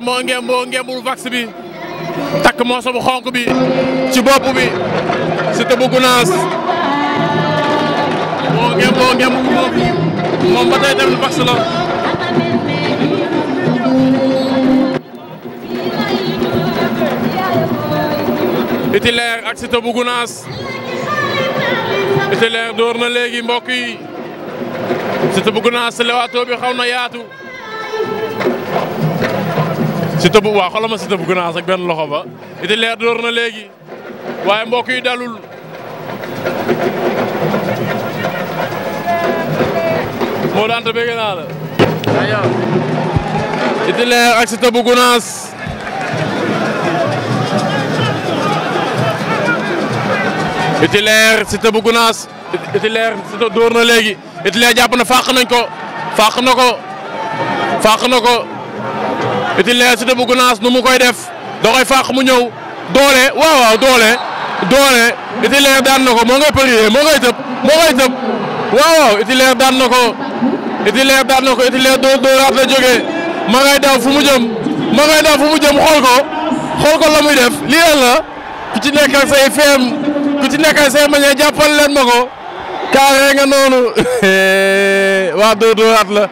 Kébé moo ngemboo ngembul vax bi takk moo sobu xonk bi ci bopp bi Siteu bu Gunaas moo ngemboo ngembul bopp moom ba tey tamit vax la Itilaire ak Siteu bu Gunaas Itilaire door na léegi mbokk yi Siteu bu Gunaas lewaatoo bi xaw na yaatu Siteu bu waaw bu gunaas ak benn loxo ba iti leer door na léegi waaye mbokk yi dalul moo daanta bëgg naa la iti leer ak Siteu bu gunaas iti leer Siteu bu gunaas iti leer Siteu door na léegi iti jàpp na fàq nañ ko fàq na ko fàq Pitillé Siteu Gunaas nu mu koy def da koy fàq mu ñëw doole waaw waaw doole doole Pitillé daan na ko moo ngay prié moo ngay tëb moo ngay tëb waaw waaw Pitillé daan na ko Pitillé daan na ko Pitillé dooraat la jógee ma ngay daw fu mu jëm ma ngay daw fu mu jëm xool ko xool ko la muy def lii la ku ci nekkal say feem ku ci nekkal say mañee jàppal leen ma ko kaaree nga noonu waa doo dooraat la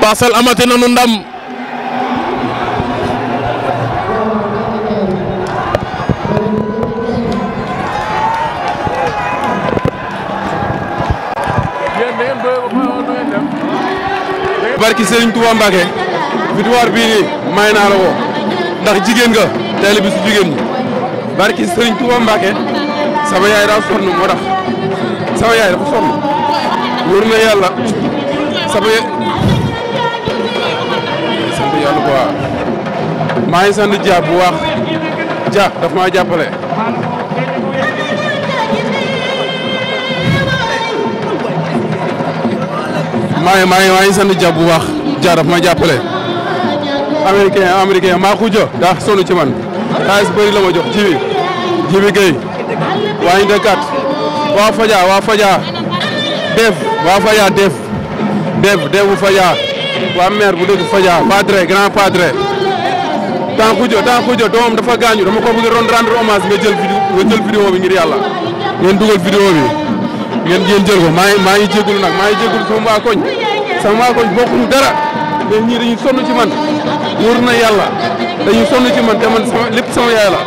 parcelle amati na nu barki Serigne Touba Mbacke victoire bii nii may naa la ko ndax jigéen nga teel bi jigéen ñi barki Serigne Touba Mbacke sama yaay daa sonn moo sama yaay dafa sonn wóor na yàlla sama sant bu baax maa ngi sant Dia bu baax Dia daf maa jàppale. maa ngi maa ngi maa ngi sant jàpp bu baax jaar daf ma jàppale. américain américain maa ko daa sonn ci man xaalis bëri la ma jox jibi jibi Guèye waa Inde 4 waa Fadia waa Fadia Def waa Fadia Def Def Def bu Fadia waa maire bu dëkk Fadia padre grand padre tant que jo tant que dafa gaañu dama ko bëgg rendre hommage nga jël vidéo nga jël vidéo bi yàlla dugal vidéo bi. ngeen ngeen jël ko maa ngi maa ngi jégalu nag maa ngi jégalu sama waa koñ sama waa koñ bokkuñu dara mais ñii dañuy sonn ci man wóor na yàlla dañuy sonn ci man te man sama lépp sama yaay la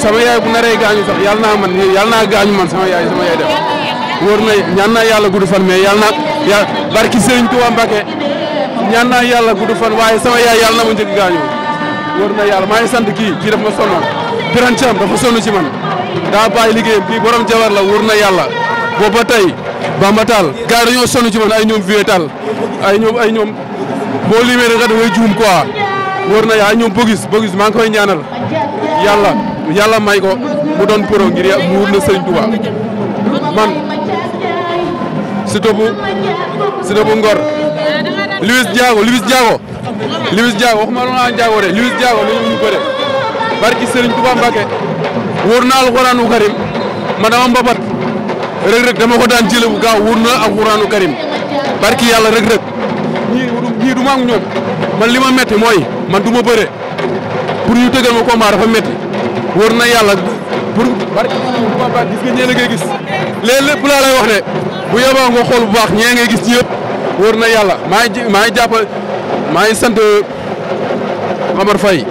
sama yaay bu naree gaañu yàlla naa man yàlla naa gaañu man sama yaay sama yaay def wóor na yàlla gudd fan mais yàlla naa yàlla barki Sëriñ Tuubaa Mbàkke ñaan naa yàlla gudd fan waaye sama yaay yàlla na ma njëkk gaañu wóor na yàlla maa ngi sant kii kii daf ma sonnoon Birane Thiam dafa sonn ci man daa bàyyi liggéeyam kii borom jabar la wóor na yàlla boobu ba tey Bamba Tall gars yi dañoo sonn ci man ay ñoom Vieux ay ñoom boo limee rek da ngay juum quoi wóor na ay ñoom Bogis Bogis maa ngi koy ñaanal yàlla yàlla may ko mu doon pro ngir yàlla mu wut na Sëriñ Tuubaa man Siteu bu Siteu bu Ngor Luis Diago Luis Diago Luis Diago waxuma la ma Diago de Luis Diago lu ñu bëre barki Sëriñ Tuubaa Mbàkke wóor na alxuraanu karim ma dama mbabat Reug Reug dama ko daan jëlee bu gaaw wóor na ak Alxuraanu Karim barki yàlla Reug Reug ñii du ma ñoom man li ma metti mooy man du ma bëre pour ñu tëgal ma combat dafa métti wóor na yàlla pour barki combat gis nga ñee ngay gis léegi lépp wax ne bu yeboo nga xool bu baax ñee ngay gis ci yëpp wóor na yàlla maa ngi maa ngi jàpp maa ngi sant Amar Faye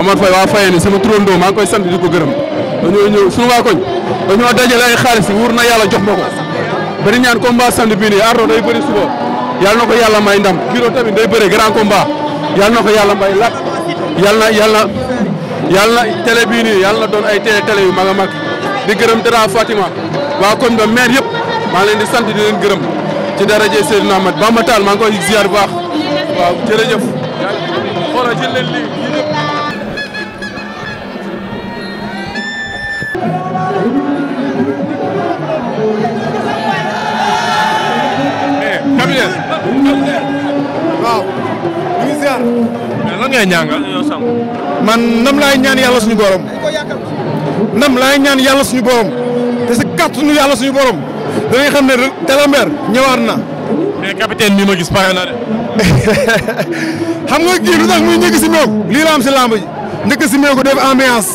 Amar Faye waa Faye ni sama turandoo maa ngi koy sant di ko gërëm. dañoo ñëw suñu waa koñ dañoo dajale ay xaalis yi wóor na yàlla jox ma ko bari ñaan combat samedi bii nii Ardo day bëri suba yàlla na ko yàlla may ndam Biro tamit day bëre grand combat yàlla na ko yàlla may lat yàlla yàlla yàlla na télé bii yàlla na doon ay télé télé yu mag a mag di gërëm dara Fatima waa koñ ba maire yëpp maa leen di sant di leen gërëm ci dara daraje Seydina Ahmad Bamba Tall ma ko koy ziar bu baax waaw jërëjëf xoolal jaar. mais lan ngay ñaangal yow Sango. man nam laay ñaan yàlla suñu borom. nam laay ñaan yàlla suñu borom. te si kàttanu yàlla suñu borom. da ngay ne Dalembert ñëwaat na. mais capitaine ma gis pare nga kii lu tax muy njëkk si lii la si lamb ji njëkk si meeku def ambiance.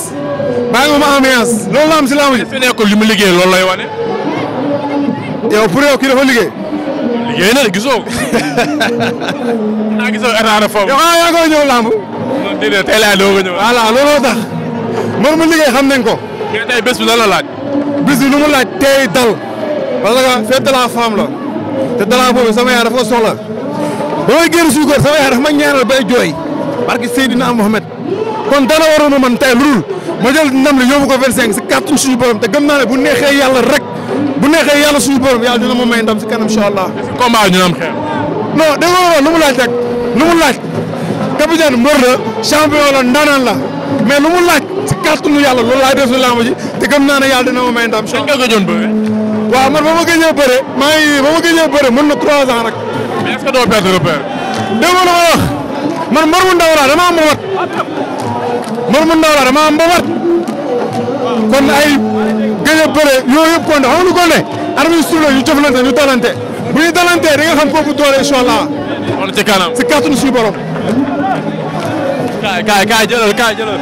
bàyyi nga ma ambiance. loolu la am si lamb ji. fi nekkul li mu liggéey loolu lay wane. liggéey na de gisoo ko. naa gisoo ataara foofu. yow ah yaa ngi koy ñëw làmb. déedéet tey laa doog a ñëw. voilà looloo tax. mbër mu liggéey xam nañ ko. mais tey bés bi lan la laaj. bés bi lu mu laaj tey dal. parce que fête de la femme la. te dalaa boobu sama yaay dafa ko soxla. ba may génn suukar sama yaay dafa ma ñaanal bay jooy. barke Seydina Mohamed. kon dana waroon a man tey lu dul ma jël ndam li yóbbu ko 25 si kàttu suñu borom te gëm naa ne bu neexee yàlla rek bu neexee yàlla suñu borom yàlla dina ma may ndam si kanam incha allah. a ñu am xeex. non dégg nga lu mu laaj rek lu mu laaj capitaine mbër la champion la ndaanaan la mais lu mu laaj si kàttanu yàlla loolu laay def si lamb ji te gëm naa ne yàlla dina ndam. incha allah nga gëjoon man ba ma gëjee bëre maa ngi ba ma gëjee bëre mën na 3 ans nag. mais est ce que doo perdre repère. dégg nga lu ma wax man mbër mu ndaw laa dama am ndaw laa dama am mbabat kon gën a bëre yooyu yëpp kon de xam nga lu ko ne armes yu suuf la ñu jëflante ñu bu ñu dalantee da nga xam kooku doole incha allah. ci kanam ci kàttanu suñu borom. kaay kaay kaay kaay jëlal.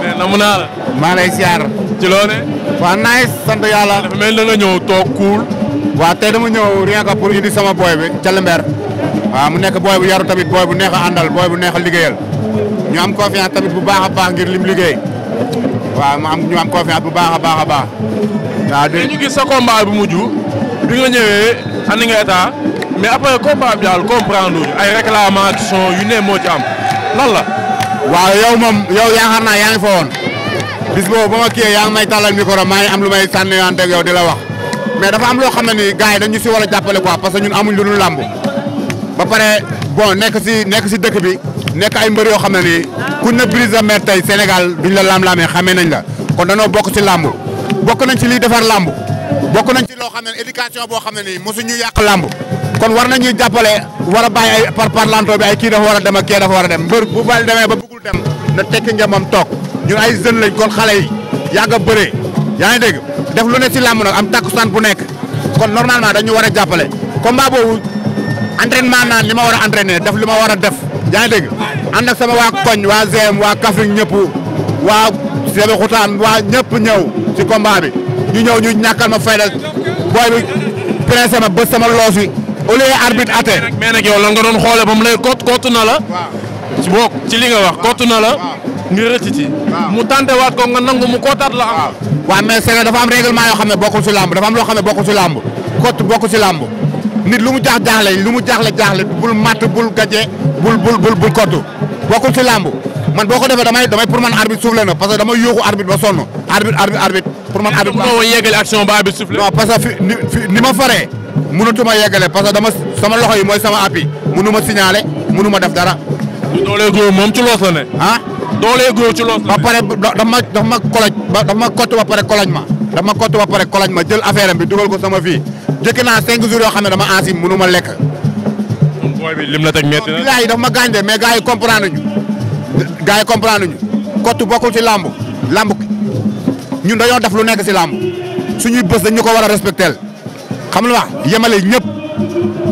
mais namu naa la. maa lay ziar. ci loone waa nice sant yàlla. toog kuul. waa tey dama ñëw rien que pour indi sama boy bi Calember. waaw mu nekk booy bu yaru tamit booy bu neex a booy bu neex a liggéeyal ñu am tamit bu baax a baax ngir lim liggéey waaw mu am ñu am confiance bu baax a baax a baax. waaw dégg ñu gis sa combat bu mujj bi nga ñëwee andi nga état mais après combat bi daal comprendre lu ay réclamations yu ne moo ci am lan la. waaw yow moom yow yaakaar naa yaa ngi fa woon bis boobu ba ma kii yaa ngi may tàllal micro maa ngi am lu may sànniwante ak yow di la wax mais dafa am loo xam ne ni gars yi dañu si war a jàppale quoi parce que ñun amuñ lu dul làmb ba pare bon nekk si nekk si dëkk bi. nekk ay mbër yoo xam ne nii ku ne Brise de Mer tey Sénégal duñ la laam xam xamee nañ la kon danoo bokk ci làmb bokk nañ ci lii defar làmb bokk nañ ci loo xam ne éducation boo xam ne nii ñu yàq làmb kon war na ñuy jàppale war a bàyyi ay par parlanto bi ay kii dafa war a dem a kii dafa war a dem mbër bu bal demee ba bëggul dem na tekki nga moom toog ñun ay jeunes lañ kon xale yi yàgg a bëree yaa ngi dégg def lu ne si làmb nag am takkusaan bu nekk kon normalement dañu war a jàppale combat boobu entraînement naan li ma war a entraîner def li ma war a def yaa ngi dégg sama waa koñ waa GM waa Kaffrine ñëpp waa Sébikotane waa ñëpp ñëw ci combat bi ñu ñëw ñu ñàkkal ma fayda booy bi pressé ma bës sama loos wi au lieu arbitre atte lan nga doon xoolee ba mu lay kott kott na la. ci boog ci li nga wax kott na la. nga rëcc mu tànte waat ko nga nangu mu kottaat la am. waaw mais c'est dafa am règlement yoo xam ne bokkul si làmb dafa am loo xam ne bokkul si làmb kott bokkul si làmb nit lu mu jaax jaaxle lu mu jaaxle jaaxle bul matt bul bul bul bul bul kottu bokkul ci làmb man boo ko defee damay damay pour man arbitre soufflé na parce que damay yóoxu arbitre ba sonn arbitre arbitre arbitre pour man arbitre ba yegale action ba arbitre soufflé non parce que ni ma faree mënatuma yeggale parce que dama sama loxo yi mooy sama appui mënuma signalé ma def dara doole góor moom ci loos la ne ah doole góor ba pare daf ma ma koloj daf ma kott ba pare koloj ma daf ma kott ba ma jël affaire am bi dugal ko sama fii jëkk naa cinq yoo xam ne dama ansi mënuma lekk booy bi lim la teg métti na. bilaay daf ma gaañ de mais gars yi comprendre ñu. gars yi comprendre ñu. kottu bokkul ci làmb. làmb ñun dañoo def lu nekk si làmb. suñuy bës dañ ñu ko war a respectel xam nga yemale ñëpp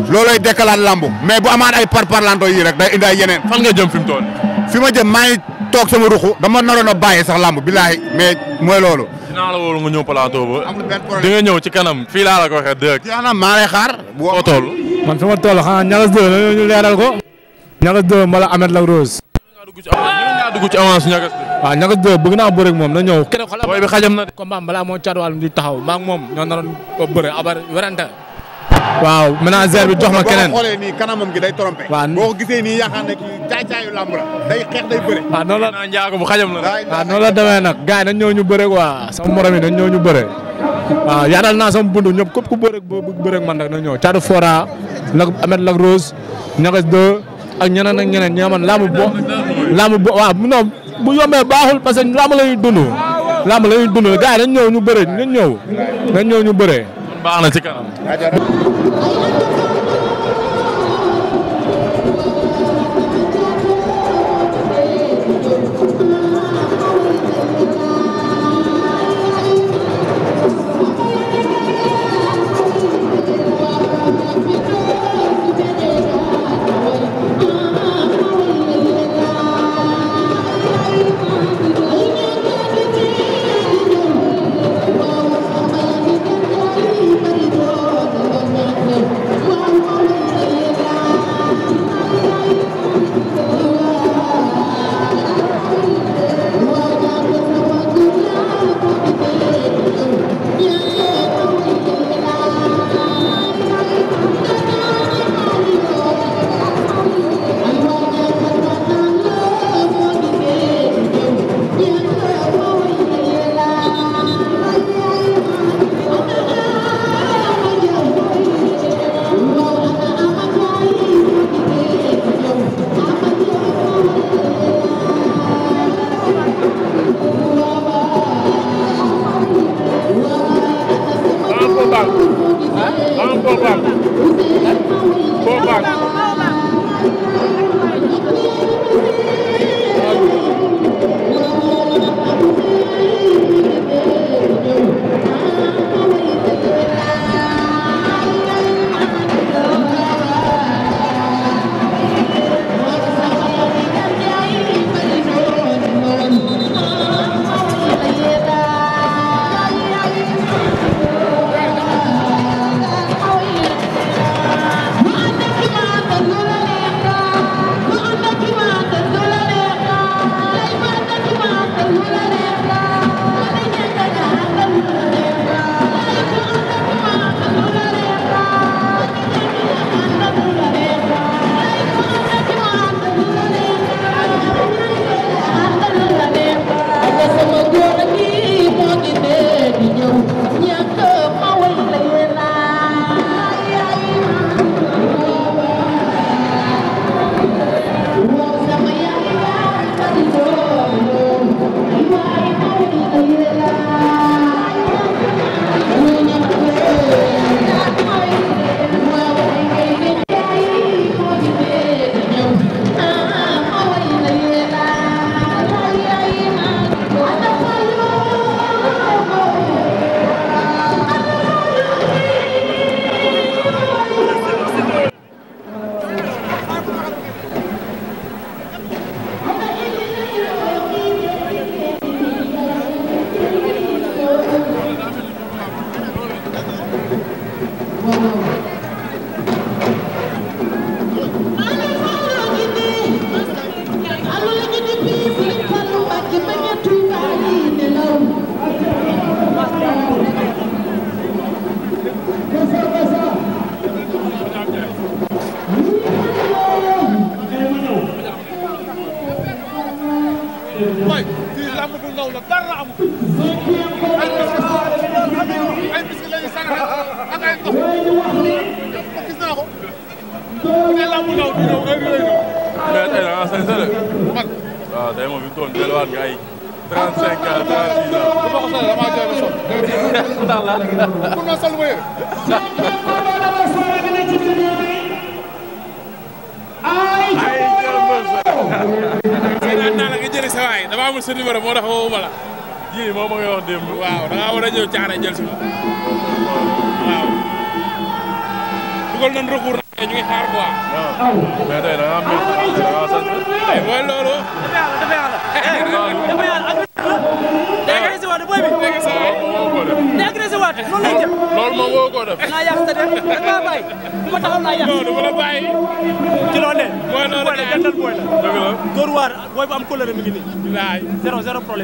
loolooy dekkalaat làmb mais bu amaan ay par parlanto yi rek day indi yeneen. fan nga jëm fi mu toll. fi ma jëm maa ngi toog sama ruxu dama naroon a bàyyi sax làmb bilaay mais mooy loolu. dinaa la wóolu nga ñëw plateau ba. amul di nga ñëw ci kanam fii laa la ko waxee dëgg. maa xaar. boo toll. man fi ma toll xanaa ñagas dëgg la ñu leeral ko. ñagas dëgg mbala Ahmed Lac Rose. ñoo ah, dugg ci avance ñagas dëgg. waaw ñagas bëgg naa bëre moom na ñëw. keneen xalaat booy na de. combat balaa moo caatuwaal di taxaw maa ngi moom ñoo naroon bëre abar werante. waaw manager bi jox ma keneen boo xoolee nii kanamam gi day trompé. waaw boo ko gisee nii yaakaar ne kii la day xeex day bëre. Ah, waaw noonu la ah, naa njaago ñu bëre quoi sama morom yi dañ ñëw ñu bëre waaw yaatal naa sama buntu ñëpp képp ku na ñëw Thiatou Fora Lac Amet Lac Rose Niakhas 2 ak ñeneen ak ñeneen ñi laamu bo laamu bo waaw bu yombee baaxul parce laamu la ñuy dund. laamu la ñuy dund gars yi dañ ñëw ñu bëree dañ ñëw ñu bëree.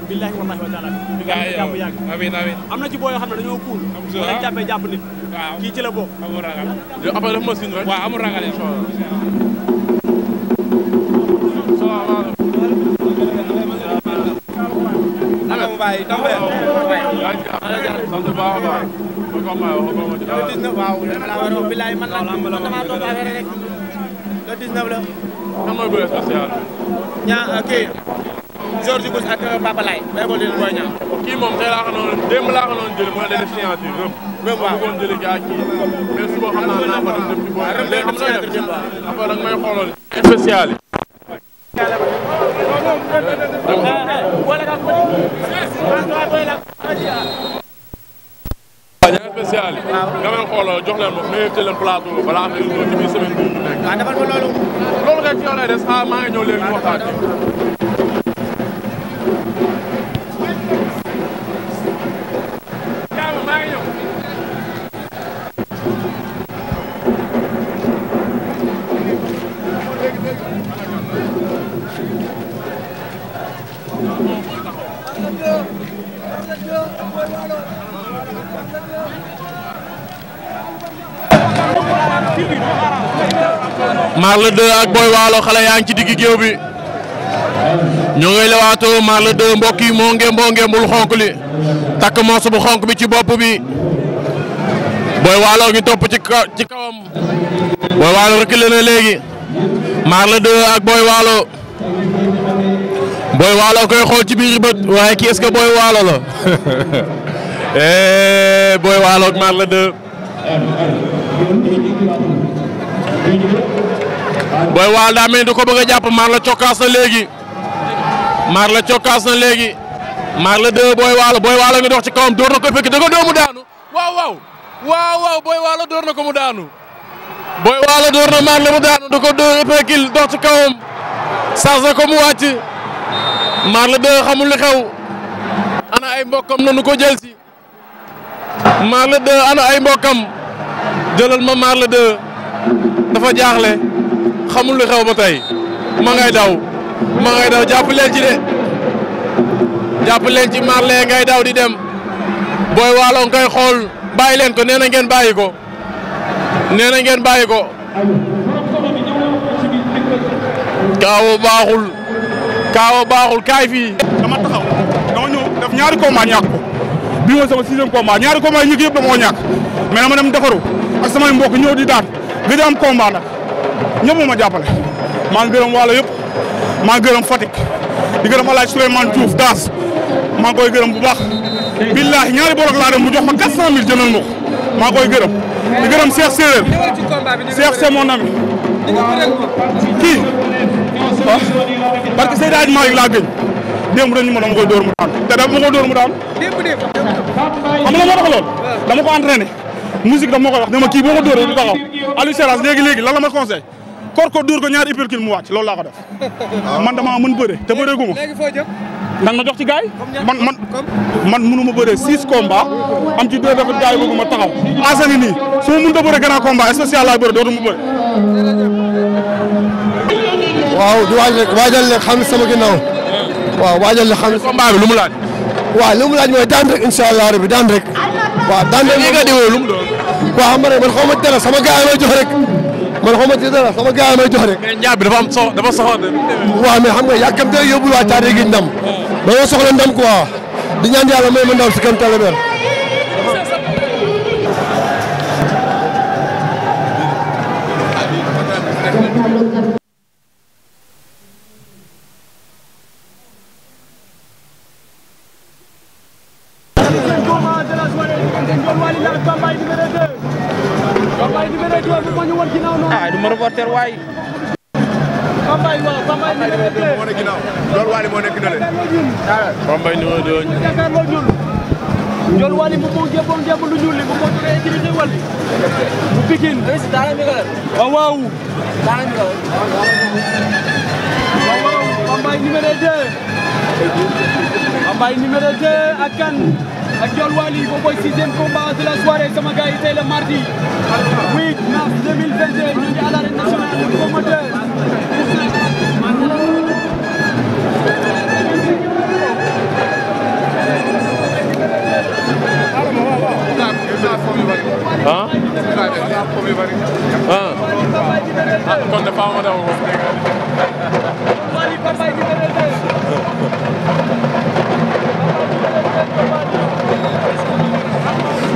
billahi wallahi wa taala di nga jàmm yàgg amiin amiin am na ci boo yoo xam ne dañoo kuul boo leen jàppee jàpp nit waaw kii ci la bokk amul ragal yow après dafa ma sin rek waaw amul ragal inshallah waaw da nga koy sant baax a baax. waaw dama la war a wax bilaay man la man damaa toog affaire rek. le 19 la. kan mooy bëre spécial. ñaa kii George Bush ak euh, Papa Laye. béykat yi booy ñaaw. kii moom tey laa ko noonu démb laa ko noonu jëlee mooy def signature rëb. rëb waaw bëggoon jëlee gars kii mais suba xam naa naa ko def dem ci booy. Ah, rëb day dem signature jëm waaw après nag may xooloon. spécial yi. spécial yi nga may xooloo jox leen moom nañu leen plateau balaa am na ñu ci biir semaine bi ñu nekk. waaw defal ma loolu. loolu kay ci yow lay des ah maa ngi ñëw léegi waxtaan 2 ak Boy yaa ngi ci digg géew bi ñoo ngay lewaatoo Marle 2 mbokk yi moo ngem boo ngembul xonk li takk moosu bu xonk bi ci bopp bi Boy Waalo ngi topp ci kawam Boy Waalo reculé na léegi Marle 2 ak Boy Waalo Boy Waalo koy xool ci biir bët waaye kii est-ce que Boy Waalo la eh, Boy Waalo ak Marle 2 Boy Walo daa mel ni jàpp maar la cokkaas na léegi maar la cokkaas na léegi maar la deux Boy Walo Boy Walo ngi dox ci kawam door na ko fekk da ko doomu daanu waaw waaw waaw waaw Boy door na ko mu daanu Boy Walo door na maar la mu daanu da ko dóor dox ci kawam saas ko mu wàcc maar la deux xamul li xew ana ay mbokkam nanu ko jël si maar la deux ana ay mbokkam jëlal ma maar la deux dafa jaaxle xamul lu xew ba tey ma ngay daw ma ngay daw jàpp leen ci de jàpp leen ci marle ngay daw di dem booy waalo nga koy xool bàyyi leen ko nee na ngeen bàyyi ko nee na ngeen bàyyi ko kaawo baaxul kaawo baaxul kaay fii dama taxaw dama ñëw def ñaari combat ñàkk ko bii mooy sama sixième combat ñaari combat yi ñëkk yëpp dama ko ñàkk mais dama dem defaru ak samay mbokk ñëw di daan gëj am ñëpp moom ma jàppale maa ngi gërëm wàll yëpp maa ngi gërëm Fatick di gërëm El Hadj Souleymane Diouf Daas maa ngi koy gërëm bu baax. billahi ñaari borog laa dem mu jox ma 400000 jëndal ma ko maa koy gërëm di gërëm Cheikh Séeréer Cheikh c'est mon ami kii ah parce que Seydi Hadj Malick laa gëñ démb dañu ma dama koy dóor mu daan te dama koy dóor mu daan xam nga moo tax lool dama ko entraîné musique dama koy wax ma kii boo ko dóoree du taxaw Aliou Seras léegi léegi lan la kor ko dóor ko ñaari épicule mu wàcc loolu laa ko def. Ah. man damaa mën bëre te gu ma. léegi foo da nga jox ci gars yi man man man mënu ma bëree six combats am ci deux défaites gars yi bëgg ma taxaw. asani nii su ma mënut a bëree grand combat spécial laay bëre dootuma bëre. waaw di waaj rek waajal rek xam sama waaw waajal rek xam. combat bi lu mu laaj. waaw lu mu laaj mooy daan rek incha rabi daan rek. waaw daan rek lu mu doon. waaw xam rek man xaw ma sama gars yi rek. man xaw ma ci dara sama gars yi may jox rek. mais ñaar bi dafa am soxla dafa soxla de. waaw mais xam nga yàkkamte yóbbul waa Thiaté gi ndam. dañoo soxla ndam quoi di ñaan yàlla may ma ndam si kam tala Waly moo nekk nële. Bambey numéro 2. Ndiol Waly mu ko jébboon jébb lu ñuul li mu ko turee dirigé Waly. bu Pikine. Ah, waaw ah, waaw. waaw waaw Bambey numéro 2. Bambey numéro 2 ak kan. ak Ndiol Waly boobu mooy sixième combat de la soirée sama gars yi tey le mardi 8 mars 2022 ñu ngi à l'arène nationale promoteur. ah.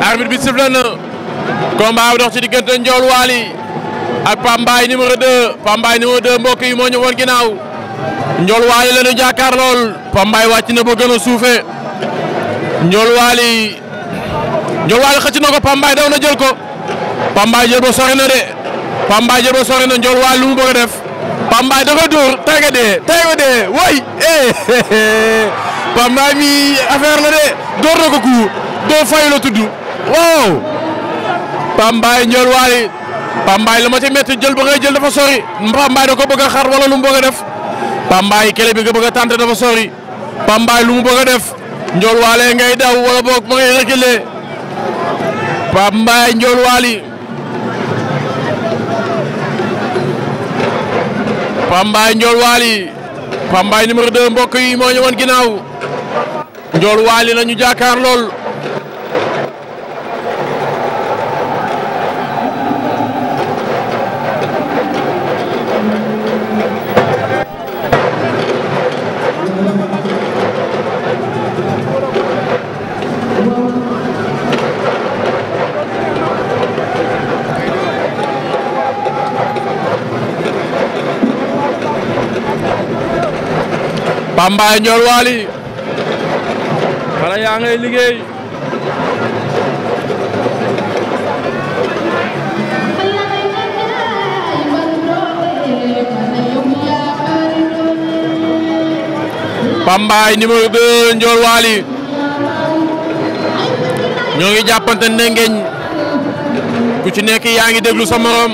ah. bi sifflé na. combat bi dox ci diggante Ndiol ak Pambaay numéro 2 Pambaay numéro 2 mbokk yi moo ñëwoon ginnaaw. Ndiol Wally lool Pambaay wàcc na ba gën Ndiol Waly xëcc na Pambaay daw na jël ko Pambaay jël ba sori na de Pambaay jël ba sori na Ndiol Waly lu mu bëgg def Pambaay da ko dóor tege de tege way Pambaay eh, mi affaire la de dóor na ku doo fay la tudd waaw Pambaay Ndiol Waly Pambaay la ma ci métti jël ba ngay jël dafa sori Pambaay da ko bëgg xar wala lu mu bëgg def Pambaay kele bi nga bëgg a dafa sori Pambaay lu mu bëgg def Ndiol Waly ngay daw wala boog ma ngay reculer Pape Mbaye Ndiol Wali Pape Mbaye Wali Pape Mbaye numéro 2 mbokk yi moo ñëwoon ginnaaw Ndiol Wali la ñu jàkkaar lool Bambaye Ndiol Waly xale yaa ngay liggéey Bambaye numéro 2 Ndiol Waly ñoo ngi jàppante ne ngeñ ku ci nekk yaa ngi déglu sa morom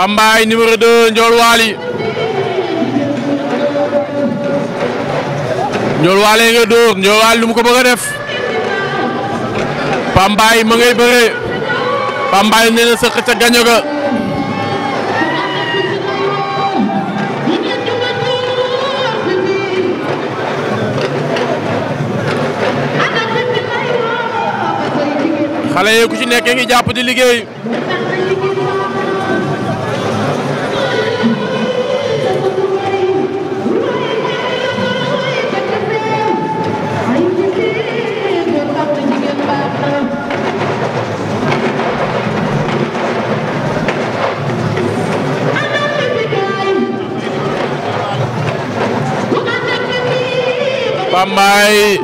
Pambaay numéro 2 Ndiol Waly Ndiol Waly nga dóor Ndiol Waly lu mu ko bëgg a def Pambaay ma ngay bëree Pambaay nee na sëq ca gaño ga ku ci nekk ngi jàpp di liggéey Pambaay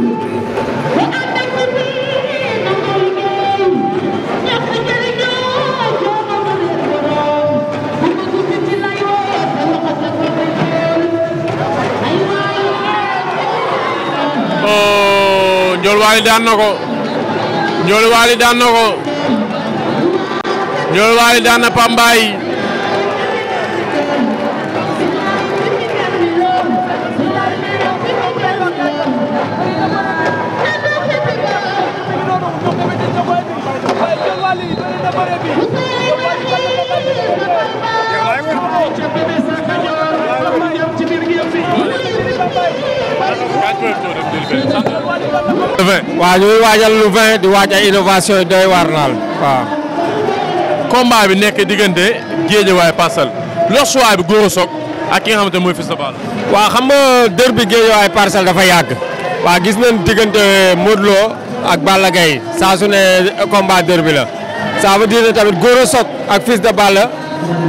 oh, Ndiol Wally daan na ko Ndiol Wally daan na ko Ndiol Wally daan na Pambaay waaw ñuy waajal lu 20 di waaj ay innovation yi doy waar bi nekk diggante Guédiawaye Parcelles lox choix bi Gora Sock ak ki nga xamante mooy Fils de Balla. waaw xam nga dër bi Guédiawaye dafa yàgg. waaw gis nañ diggante Modou ak Balla Gaye saa su ne combat dër bi la. ça veut tamit Gora Sock ak Fils de Balla.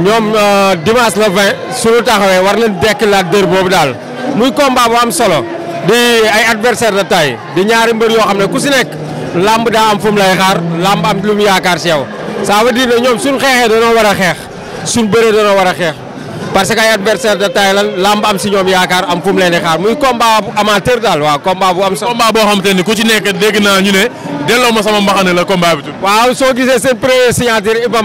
ñoom euh, dimanche la 20 suñu taxawee war nañ déclencher dër boobu daal muy combat bu am solo di ay adversaire de taille di ñaari mbër yoo xam ne ku si nekk làmb daa am fu mu lay xaar làmb am lu yaakaar si yow ça veut na ne ñoom suñu xeexee danoo war a xeex suñu bëree danoo war a xeex parce que ay adversaire de taille lan làmb am si ñoom yaakaar am fu mu leen di xaar muy combat bu amateur daal waaw combat bu am solo. combat boo xamante ni ku si nekk dégg naa ñu ne. delloo ma sama mbaxane la combat bi tudd. waaw soo gisee seen première signature Iba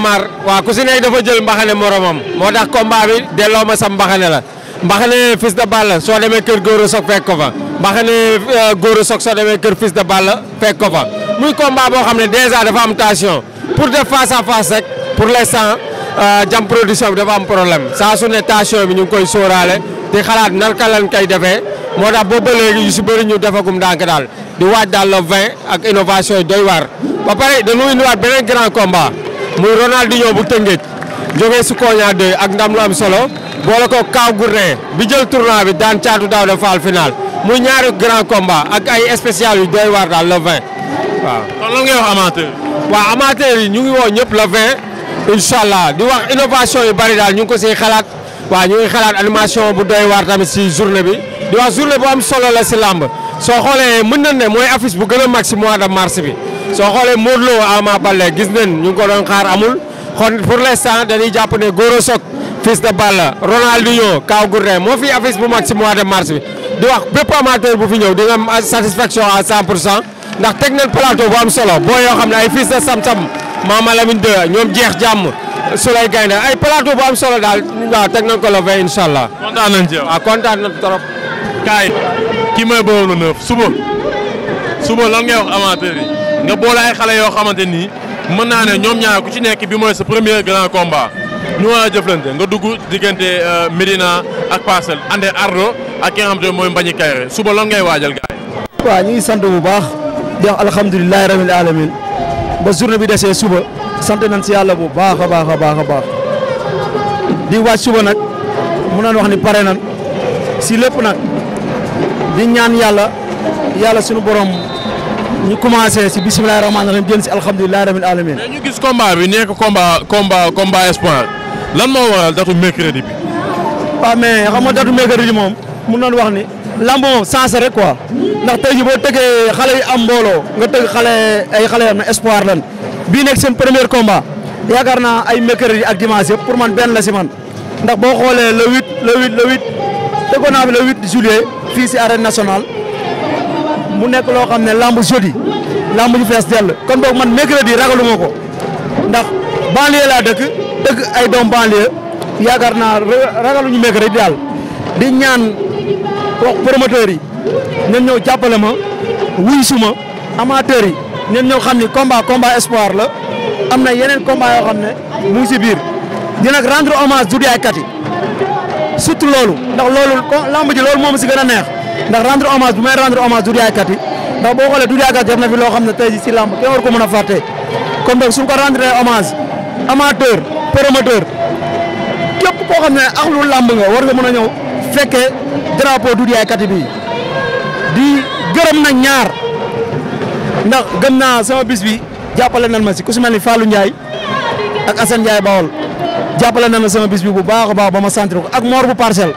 waaw ku si nekk dafa jël mbaxane moromam moo tax combat bi delloo ma sama mbaxane la mbaxane Fils de Balla soo demee kër Goro Sock fekk ko fa mbaxane euh, Goro soo demee kër Fils de Balla fekk ko fa muy combat boo xam ne déjà dafa am tension pour def face à face rek pour l'instant euh, jam production bi dafa am problème saa su ne tension bi ñu ngi koy sóoraale te xalaat nan ka lan moo tax boobu ba léegi si bëri ñu defagum ndànk daal. di waaj daal le 20 ak innovation yi doy waar. ba pare dañoo indiwaat beneen grand combat muy Ronaldinho bu Tëngéej jógee si Koña 2 ak ndam lu am solo boole ko Kaaw Gourdin bi jël tournoi bi daan caatu daaw de faal final muy ñaari grand combat ak ay spécial yu doy waar daal le 20 waaw. kon lan ngay wax amateur. yi ñu ngi woo ñëpp la 20 incha allah di wax innovation yu bari daal ñu ngi ko siy xalaat. waaw ñu ngi xalaat animation bu doy waar tamit si journée bi di wax bu am solo la si làmb soo xoolee mën na ne mooy affiche bu gën a mag mois de mars bi soo xoolee Modou Lo Ama Baldé gis nañ ñu ngi ko doon xaar amul kon pour l'instant dañuy jàpp ne Goro Sock fils de Balla Ronaldinho Kaw Gourdin moo fi affiche bu mag mois de mars bi di wax bépp amateur bu fi ñëw di nga am satisfaction à 100 pour cent ndax teg nañ plateau bu am solo boo yoo xam ne ay fils de Sam-Sam Mama Lamine ñoom jeex jàmm Souley Gaynde ay plateau bu am solo daal waaw teg nañ ko le 20 incha allah. kontaan nañ kontaan nañ trop. kii may bëwoon la neuf suba suba lan ngay wax amateur yi nga boole xale yoo xamante nii mën naa ne ñoom ñaar ku ci nekk bi mooy sa premier grand combat ñu war a nga dugg diggante euh, Médina ak Parcelles ande Ardo ak ki nga xam te mooy Mbagnick Kaïré suba lan ngay waajal gars yi waaw sant bu baax di wax alhamdulilahi rabil alamin ba journée bi desee suba sant nañ si yàlla bu baax a baax a baax a baax waaj suba nag mu nañ wax ni pare nañ si lépp nag di ñaan yàlla yàlla suñu borom ñu commencé si bisimilah rahmaani rahiim jël si alhamdulilah rabil alamin mais ñu gis combat bi nekk combat combat combat espoir lan moo waral datu di bi. waaw mais xam nga datu mercredi moom mun nañu wax ni. lamb moom sens rek quoi ndax tey ji boo tëggee xale yi am mbooloo nga tëgg xale ay xale am na espoir lan bii nekk seen premier combat yaakaar naa ay mercredi ak dimanche yëpp pour man benn la si man ndax boo xoolee le huit le tëggoon naa fi le 8 juillet fii si arène nationale mu nekk loo xam ne lamb jeudi lamb ju fees dell kon boog man mercredi ragaluma ko ndax banlieue laa dëkk dëkk ay doom banlieue yaakaar naa ragaluñu mercredi daal di ñaan wax promoteurs yi ñen ñëw jàppale ma wuy suma amateurs yi ñen ñëw xam ni combat combat espoir la am na yeneen combat yoo xam ne mu ngi si biir di nag rendre hommage Doudou surtout loolu ndax loolu lamb ji loolu moom si gën a neex ndax rendre hommage bu may rendre hommage du yaaykat yi ndax boo xoolee du yaaykat def na fi loo xam ne te ji si lamb kenn war ko mën a fàtte kon donc suñ ko rendre hommage amateur promoteur képp koo xam ne ak lu lamb nga war nga mën a ñëw fekkee drapeau du yaaykat yi bii di gërëm na ñaar ndax gëm naa sama bis bi jàppale nan ma si ku si mel ni Fallou Ndiaye ak Assane Ndiaye Bawol jàppale nan ma sama bis bi bu baax baax ba ma sentir ko ak moor bu parcelle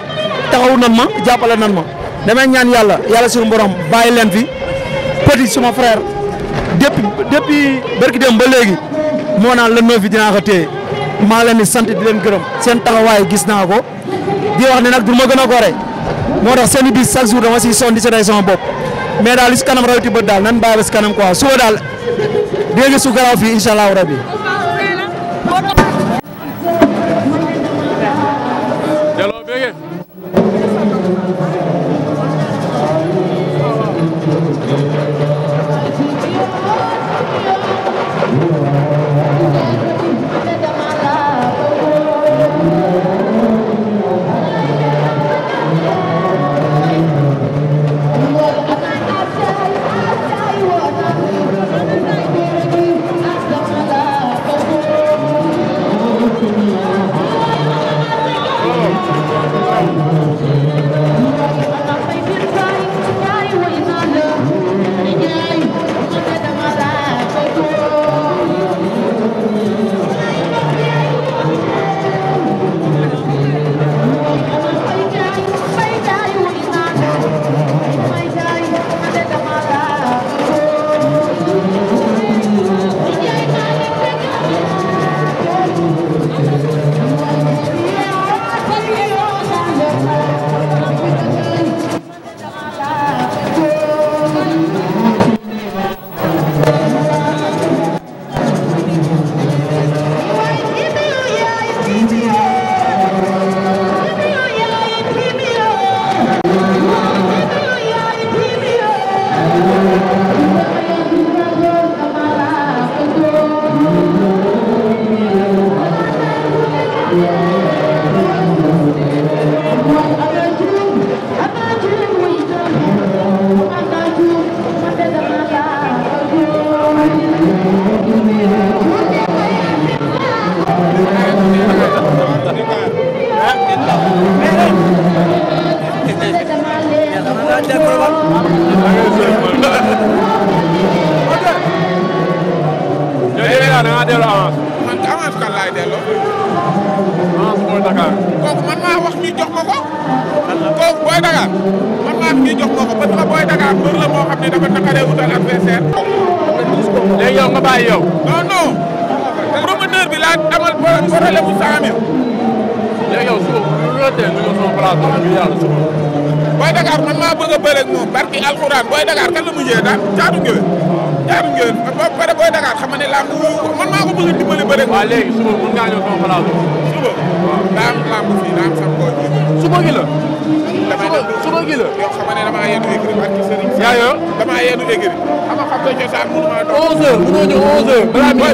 taxaw nan ma jàppale nan ma damay ñaan yàlla yàlla suñu borom bàyyi leen fi petit suma frère depuis depuis barki dem ba léegi moo naan la noo fi dinaa ko téye maa leen di sant di leen gërëm seen taxawaay gis naa ko di wax ne nag du ma gën a gore moo tax seen i bis chaque jour dama siy sonn di seetay sama bopp mais daal li si kanam rawati bët daal nan bàyyi ba si kanam quoi suba daal dégg su garaaw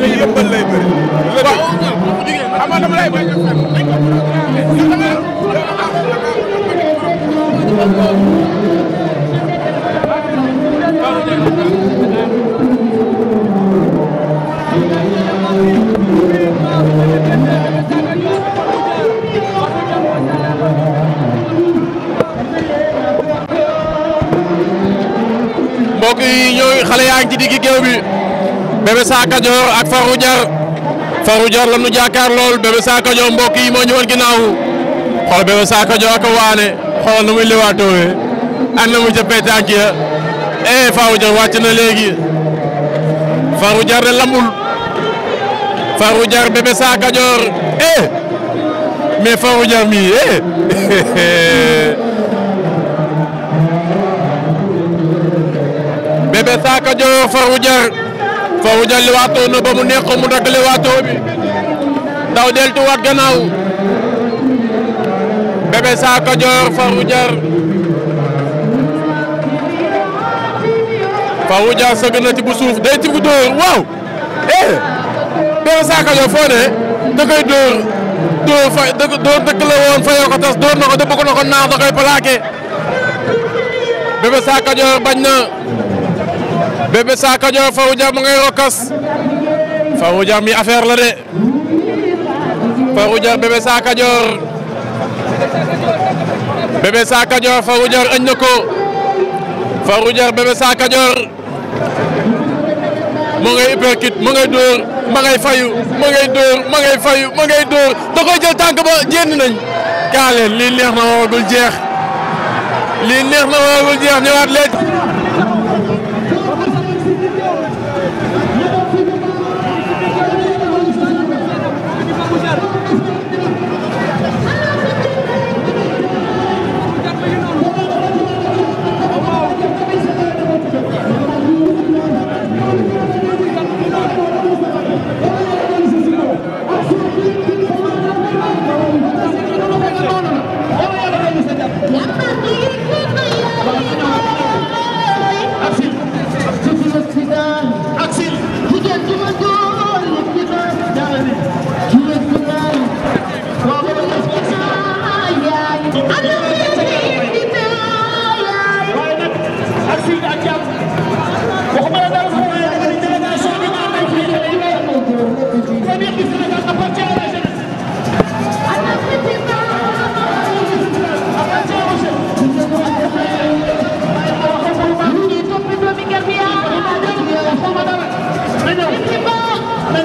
tamit yëmbal lay bëri. waaw xam nga dama lay bañ a fekk. mbokk yi ñooy xale yaa ngi ci digg géew bi. Bébé Sa Kadior ak Farou Diar Farou Diar la nu jaakaar lool Bébé Sa Kadior mbokk yi moo ñëwoon ginnaaw xool Bébé Sa ak waane xool nu muy lewaatoowee am na mu jëppee tànk ya eh, na léegi Farou de lambul Farou Diar Bébé Sa Kadior mi eh, eh. Bébé Sa foofu jël liwaatoo na ba mu neex ko mu dagg liwaatoo bi daw deltuwaat gannaaw Bébé Saaka Joor Faroudiar Faroudiar sëgg na ci bu suuf day ci bu dóor waaw eh Bébé Saaka Joor foo ne da koy dóor dóor fa dóor dëkk la woon fa yoo ko tas dóor na ko dëpp ko na ko naax da koy plaqué Bébé Saaka Joor bañ na Bébé Sa Cadior Farou Dia mu ngay mi affaire la de Farou Bébé Sa Bébé Sa Cadior Farou Dia Bébé Sa Cadior mu ngay uppercut mu ngay ma ngay fayu ma ngay dóor ma ngay fayu ma ngay dóor da koy jël ba jénn nañ kaa neex na wawagul jeex lii neex na wawagul jeex ñëwaat léegi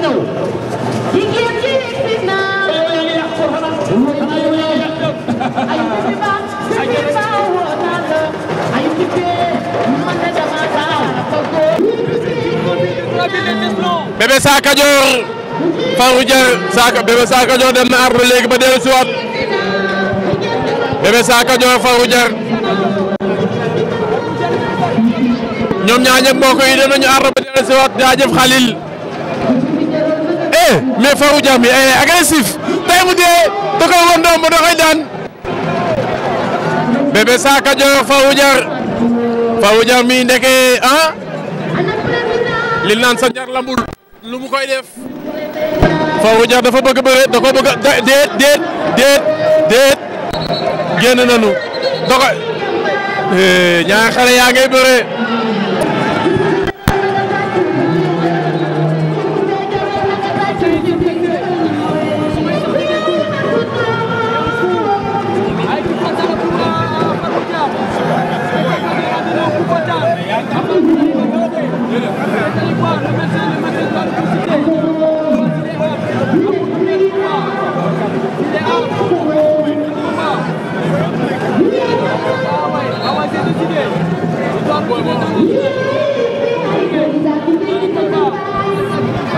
ñëw. jigéen ci explique naa. te yow de dama taa ko góor. Bébé dem na arbre léegi ba dellusiwaat. Bébé Sa Cadior Farou Dia. ñoom ñaar ñëpp mbokk yi dem nañu arbre ba dellusiwaat jaajëf eh mais Farou Diam eh, agressif tey mu dee da ba da koy daan Bébé Saka Dior Farou Diam Farou Diam mi ndeke ah li naan sa jar lambul lu mu koy def Farou Diam dafa bëgg bëre da ko déet déet déet déet génn nañu da ko eh, yaa ngay bëre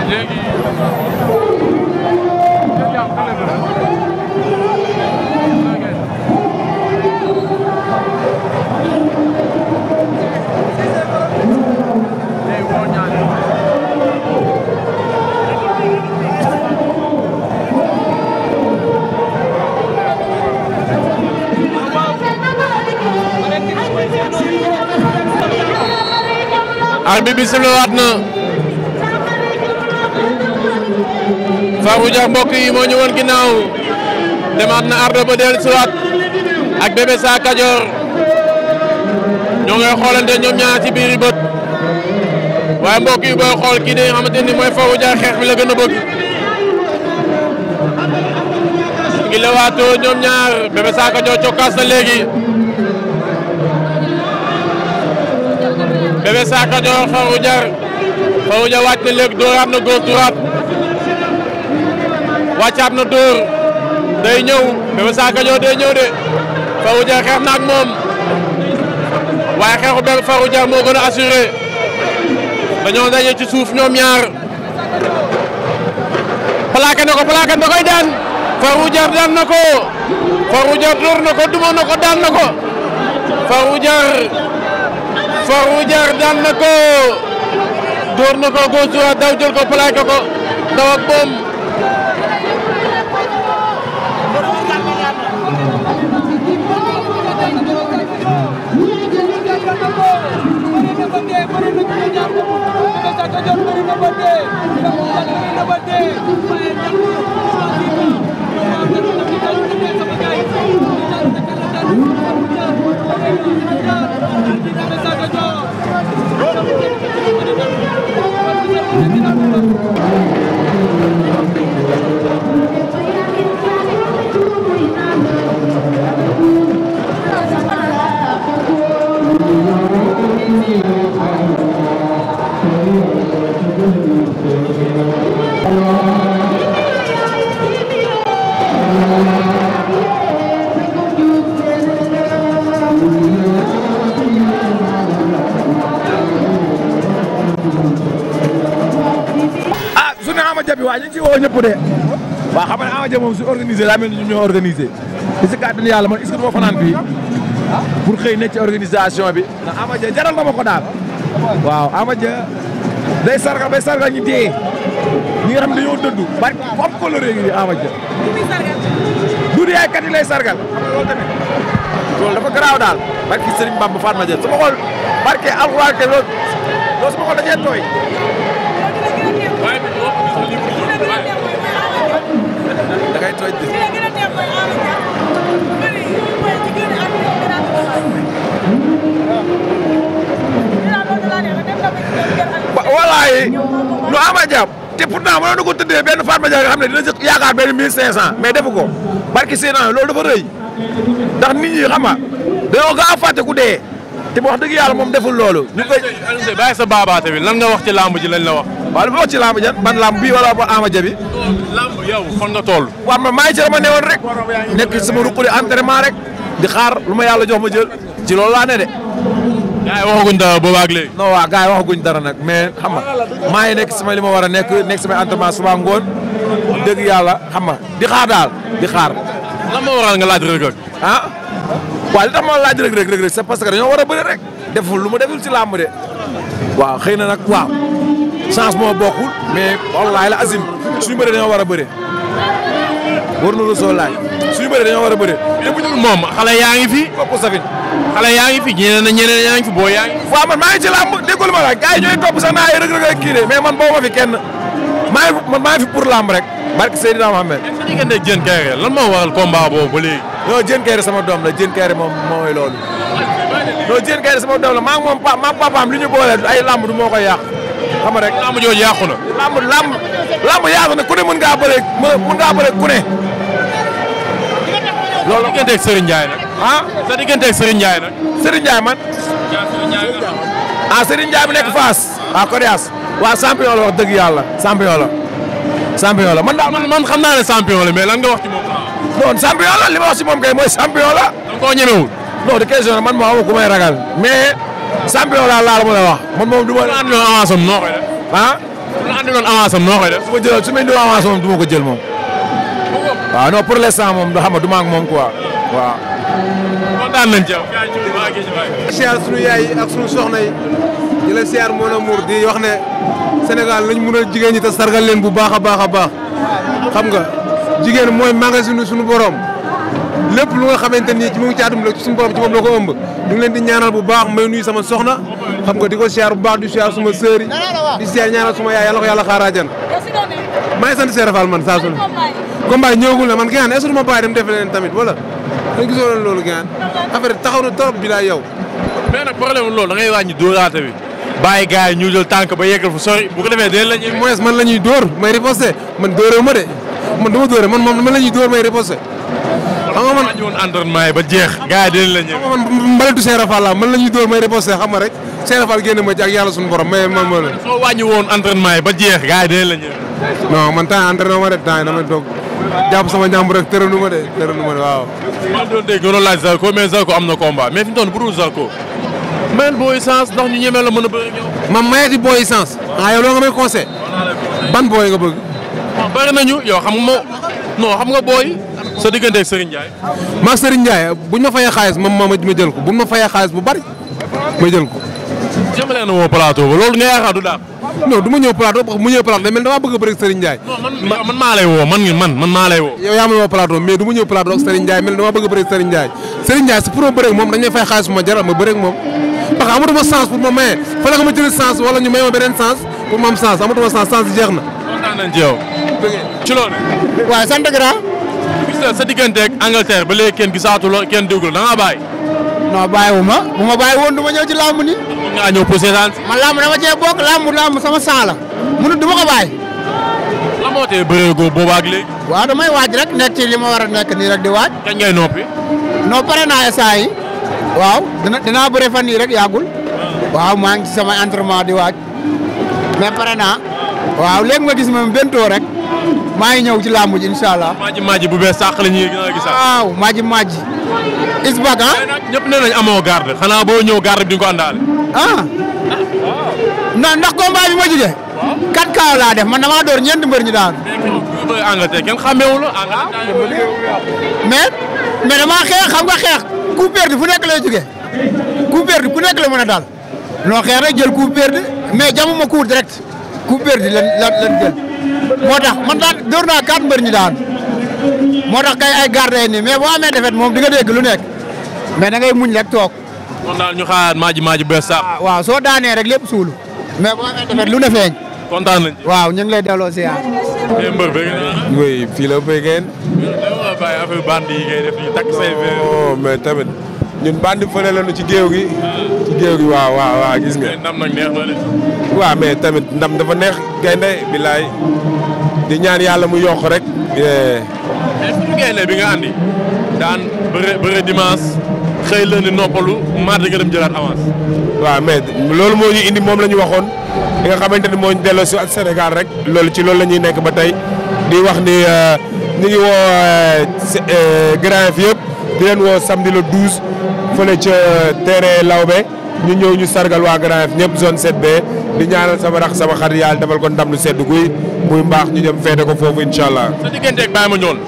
léegi arbitre bi sifle waat na Fabou Diack mbokk yi moo ñëwoon ginnaaw demaat na ardo ba del siwaat ak Bébé Sa Kajoor ñoo ngay xoolante ñoom ñaar ci biir bët waaye mbokk yi booy xool kii de nga mooy Fabou Diack xeex bi la gën a bëgg ngi lewaatoo ñoom ñaar Bébé Sa Kajoor cokkaas na léegi Bébé Sa Cadior Far Routier Far na léegi dóoraat na dóor day ñëw Bébé Sa Cadior day ñëw de Far Routier xeex moom waaye xeexu benn Far Routier assuré dañoo daje ci suuf ñoom ñaar plaqué na ko plaqué da koy daan Far daan na ko Far dóor na ko duma na ko daan na ko Far Fort Rougnière daan na ko dóor na ko góor su daw jël ko plaqué ko daw ak moom su organisé daa mel ni ñun ñoo organisé te si kàddu yàlla man est-ce que du fanaan fii pour xëy ne ci organisation bi ndax Ama Dia jaral na ma daal waaw Ama Dia day sarga bay sarga ñu dee ñi nga xam ne dañoo dëddu bari bu am coloré gi Ama lay sargal loolu tamit loolu dafa garaaw daal barki Serigne Bamba Fatma Dia sama xol barke alxuraan ke loolu loolu sama tooy da ngay toj de. wallaay lu ama jàpp te pourtant mënoon na ko benn Fatma Diagne nga xam ne dina si yaakaar benn 1500 mais defu ko barki Sénégal loolu dafa rëy ndax nit ñi xam a fàtte ku dee te wax dëgg yàlla moom deful loolu. ñu koy Alioune sa baabaa tamit lan nga wax ci làmb ji lañ la wax. waaw li ma wax ci làmb ja ban làmb bii wala ba Ama Dia bi. làmb yow fan nga toll. maa ngi ci dama ne woon rek. nekk sama ruqali entraînement rek. di xaar lu ma yàlla jox ma jël ci loolu laa ne de. gars yi waxaguñ dara boobaa ak dara nag mais xam nga maa ngi nekk sama li ma war a nekk nekk sama entraînement suba ngoon dëgg yàlla xam nga di xaar daal di xaar. lan moo waral nga laaj Reug Reug ah waaw li laaj Reug parce que dañoo war a bëri rek deful lu ma deful ci làmb de waaw xëy na nag waaw. chance moo bokkul mais wallaahi la azim suñu bëree dañoo war a bëree war na rosoo laay suñu bëree dañoo war a bëree te bu dul moom xale yaa ngi fi topp safin xale yaa ngi fi ñeneen na ñeneen yaa ngi fi boo yaa ngi waaw man maa ay rëg rëg kii de mais man boo ma fi kenn maa fi pour làmb rek barke Seydina Mohamed diggante Diène Kaïré lan moo waral combat boobu ba léegi non Diène sama doom la Diène Kaïré moom mooy loolu non Diène Kaïré sama doom la maa papaam li ñu boole ay làmb du moo koy yàq xam nga rek lamb jooju yàqu na. lamb lamb lamb na ku ne mën ngaa bëree mën ngaa bëree ku ne. loolu la digganteeg Serigne Ndiaye ah sa digganteeg man. ah Serigne Ndiaye bi nekk Fass. ah Coriace waaw champion la wax dëgg yàlla champion la. champion la man daal man xam naa ne champion la mais lan nga wax ci moom. non champion la li ma wax ci moom kay mooy champion la. da nga koo ñemewul. non question man moo amul ku champion laa la ma la wax man moom du ma. bu andi noo koy def. ah bu andi woon avance am noo su ma jëloon su moom du ma ko jël moom. waaw non pour l'instant moom xam nga du maa ak moom quoi waaw. kontaan nañ ci siyaar sunu yaay yi ak sunu soxna yi di la siyaar mon di wax ne Sénégal lañ mën a jigéen ñi te sargal leen bu baax a baax a baax xam nga jigéen mooy magasinu sunu borom. lépp lu nga xamante nii ci mu ngi ci àdduna suñu borom ci moom leen di ñaanal bu baax may nuyu sama soxna xam nga di ko siyaar bu baax di siyaar suma sœur yi di siyaar ñaanal suma yaay yàlla ko yàlla ma maa ngi sant man saa su ne combat ñëwagul na man gaan est-ce que ma bàyyi dem defe leen tamit wala dañ gisoo leen loolu gaan affaire taxaw na trop bi laa yow mais nag problème loolu da ngay wàññi dóoraate bi bàyyi gars yi ñu jël tànk ba yeggal fu sori bu man la ñuy dóor ma de man dama dóore man moom man la ñuy dóor may riposté xam nga man woon entraînement ba jeex gars yi dinañ la ñëw mbalitu Seera Fall man la ñuy may riposté xam rek Seera Fall génn ma ci ak yàlla suñu borom mais man ma la soo wàññi woon entraînement yi ba jeex gars yi dinañ la ñëw man temps entraînement ma de temps yi dama toog jàpp sama ñàmb rek tëranu ma de tëranu ma de waaw ma doon dégg loolu laaj Zarko mais Zarko am na combat mais fi ñu doon bu dul booy sens ndax ñu ñemee la mën a bëri ñëw man booy sens ah yow loo nga may conseil ban booy nga bëgg bëri nañu yow sa diggante ak Serigne Ndiaye. maag Serigne Ndiaye bu ñu ma fayee xaalis moom ma ma jël ko bu ma fayee xaalis bu bari ma jël ko. jëmale na woo plateau ba loolu nga yaakaar du daal. non du ma ñëw plateau ba mu ñëw plateau da mel damaa bëgg a bëri ak Serigne Ndiaye. man man maa lay woo man man man maa lay woo. yow yaa ma woo plateau mais du ma ñëw plateau ak Serigne Ndiaye mel damaa bëgg a bëri ak Serigne Ndiaye Serigne Ndiaye si pour ma bëri ak moom dañ lay fay xaalis bu ma jaral ma bëri ak moom parce que amatuma sens pour ma maye fa la ko ma jëlee sens wala ñu may ma beneen sens pour ma am sens amatuma sens sens jeex na. kontaan nañ ci yow. ci loolu. waaw sant grand sa sa digganteeg Angleterre ba léegi kenn gisaatu lo kenn déglu da ngaa bàyyi. non bàyyiwu ma bu ma bàyyi woon du ma ñëw ci làmb ni mën ngaa ñëw pour seetaan man làmb dama cee bokk làmb làmb sama sang la. mënut du ma ko bàyyi. la moo tee bëree góob boobaa ak léegi. waaw damay rek nekk ci li ma war a nekk nii rek di waaj. kañ ngay noppi. non pare naa instant waaw dina dinaa bëre fan yii rek yàggul. waaw maa ngi ci sama entraînement di waaj. mais pare naa. waaw léegi ma gis moom bentoo rek. maa ngi ñëw ci làmb ji allah. maaji maaji bu bees sàq la ñuy gisaat. Ah. waaw maaji maaji. isbak ah. ñëpp nee nañ amoo garde xanaa boo ñëw garde bi di nga ko àndaale. ah. ah ndax ndax combat ma jugee. kat kaaw laa def man damaa door ñeenti mbër ñu daan. mais Angleterre kenn xàmmeewu la mais mais damaa xeex xam nga xeex coup perdu fu nekk lay jugee. coup perdu ku nekk la mën a daal. non xeex rek jël coup perdu mais jamuma coup direct coup perdu lan lan moo tax man daan door naa quatre mbër ñi daan moo tax kay ay gardé nii mais boo amee defet moom di nga dégg lu nekk mais da ngay muñ rek toog. kon daal ñu xaar maaji maaji bees waaw soo daanee rek lépp suulu mais boo amee defet lu ne feeñ. kontaan nañ waaw ñu ngi lay delloo si waat. yéen mbër bëgg fii la bëggee. Eh, waaw waaw affaire ñun bandi fële lañu ci géew gi. ci géew gi waaw waaw waaw gis nga. ndam nag neex na tamit ndam dafa neex gaynde bilaay di ñaan yàlla mu yokk rek. Eh. gaynde bi nga andi daan bëre bëre dimanche xëy lundi noppalu mardi nga dem jëlaat avance. waaw mais loolu moo ñu indi moom la ñu waxoon li nga xamante ni moo ñu delloo si ak Sénégal rek loolu ci loolu la ñuy nekk ba tey di wax ni euh, ñu ngi woo euh, euh, Grand Yoff yëpp di leen woo samedi le 12. fële ca terrain Lawbe ñu ñëw ñu sargal waa Grand Yoff ñëpp zone 7 di ñaanal sama rax sama xar yàlla defal ko ndam lu sedd guy muy mbaax ñu dem feete ko foofu incha allah. sa diggante ak Baye Mandione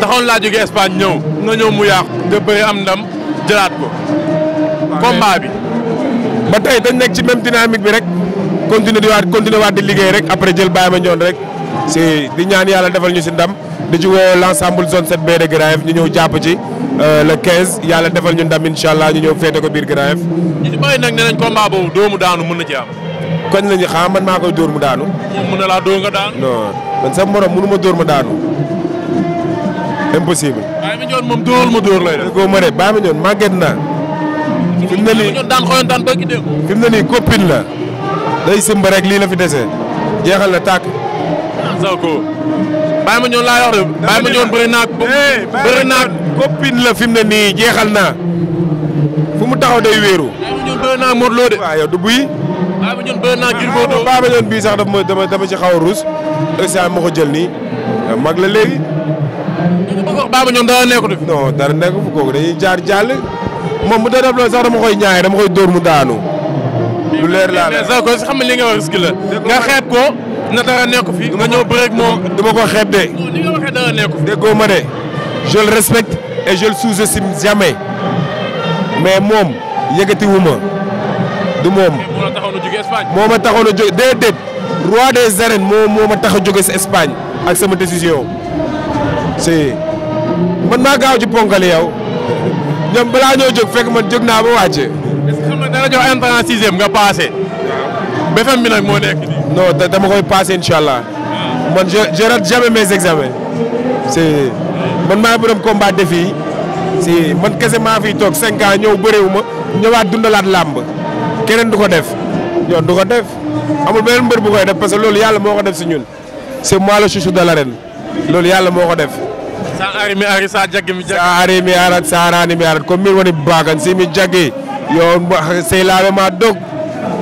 taxoon laa jógee Espagne ñëw nga ñëw mu yàqu nga bëri am ndam jëlaat ko. combat bi. ba tey dañ nekk ci même dynamique bi rek continuer di waat continuer waat di liggéey rek après jël Baye Mandione rek si di ñaan yàlla defal ñu si ndam di ci woo l' ensemble zone 7B de Grand ñu ñëw jàpp ci. Euh, le 15 yàlla defal ñu ndam incha allah ñu ñëw féete ko biir Grand Yoff. ñi bàyyi nag nee nañ boobu doomu daanu mën na ci am. koñ la ñu xam man maa koy dóor mu daanu. mën na laa dóor nga daanu. man sa morom mënu ma dóor ma daanu impossible. moom dóoral ma dóor lay def. koo mënee ma ñoon màgget naa. fi ne nii ñoon la. day simb rek lii la fi dese. jeexal na tàkk. ah ma ñoon laa yor de. bàyyi ma ñoon bëri naag. copine la fi mu ne nii jeexal naa fu mu taxaw day wéeru. waaw yow du bii sax daf ma dama dama ci xaw a ruus ësaan ma ko jël nii mag la léegi. Baba Dione dara nekku fi. non dara nekku fi dañuy jaar jàll. moom bu dee def loolu sax dama koy ñaay dama koy dóor mu daanu. lu leer laa la mais ko nga li ko na dara nekku fi. nga ñëw bëreeg moom ko xeeb de. non ni nga waxee et je le sous-estime mais moom yëkkatiwu ma du moom. moo ma taxoon a jóge Espagne. moo ma taxoon a jóge déedéet roi des arènes moo moo ma tax a jóge si Espagne ak sama décision si man maa gaaw ci ponkali yow ñoom balaa ñoo jóg fekk man jóg naa ba wàcce. est-ce que xam nga bi nag moo nekk dama koy passé incha allah ah. man je je rate jamais mes examens man maa borom combat défi si man kese maa fiy toog 5 ans ñëw ma ñëwaat dundalaat làmb keneen du ko def yow du ko def amul beneen mbër bu def parce que loolu yàlla moo ko def si ñun c'est moi le chouchou loolu yàlla moo ko def. sa ari mi arat sa raani mi baakan si jaggi yow sey laaɓe ma dog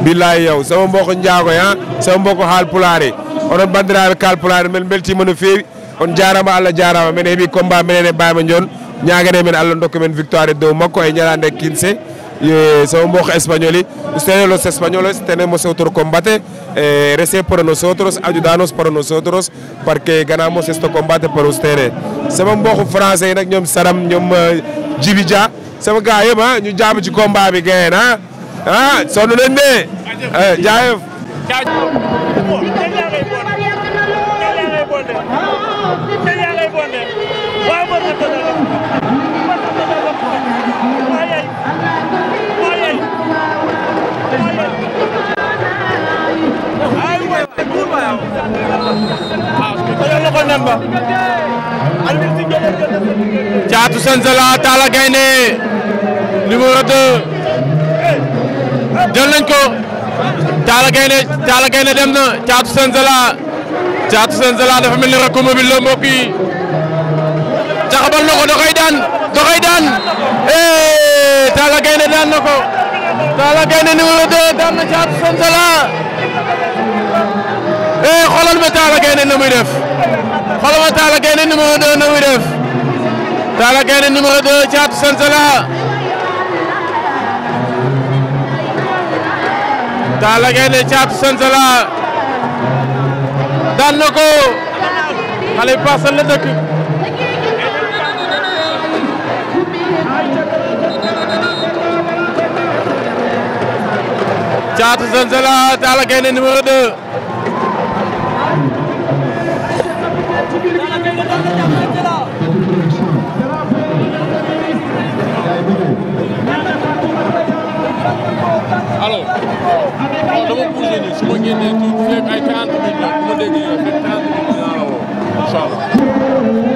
billahi yow sama mbokk njaago ya sama mbokk haal pulaare onon banndiraaɓe kaal pulaare men mbeltiima no feewi kon jarama allah jarama mene heeɓi combat menen e bama dion ñaguere men allah dokka victoire e makko e ñalande kinse sowo mboko espagnol i ustedes los españoles tenemos otro combate eh, recé por nosotros ayudanos por nosotros este combate por ustedes sama mbokk français yi nag ñoom saram ñoom eh, Djibi sama gars yëpp ah, ñu jàpp ci combat bi te yaa ngay bondé waaye war nga tëjal Thiatou Senzala dafa mel ni Raco Mobile la mbokk yi caxabal na ko da koy daan da koy daan eh Talla Gaindé daan na ko Talla Gaindé numéro 2 daan na Thiatou Senzala eh xoolal ma Talla Gaindé na muy def xoolal ma Talla Gaindé numéro 2 na muy def Talla Gaindé numéro 2 Thiatou Senzala Talla Gaindé Thiatou Senzala daan na ko xale yi paasal la dëkk Thiatou Zenzela Talla Gaindé numéro 2 non dama bougé nii su ma génnee tuuti fekk ay 30 minutes ma dégg yow fekk 30 minutes dinaa la woo incha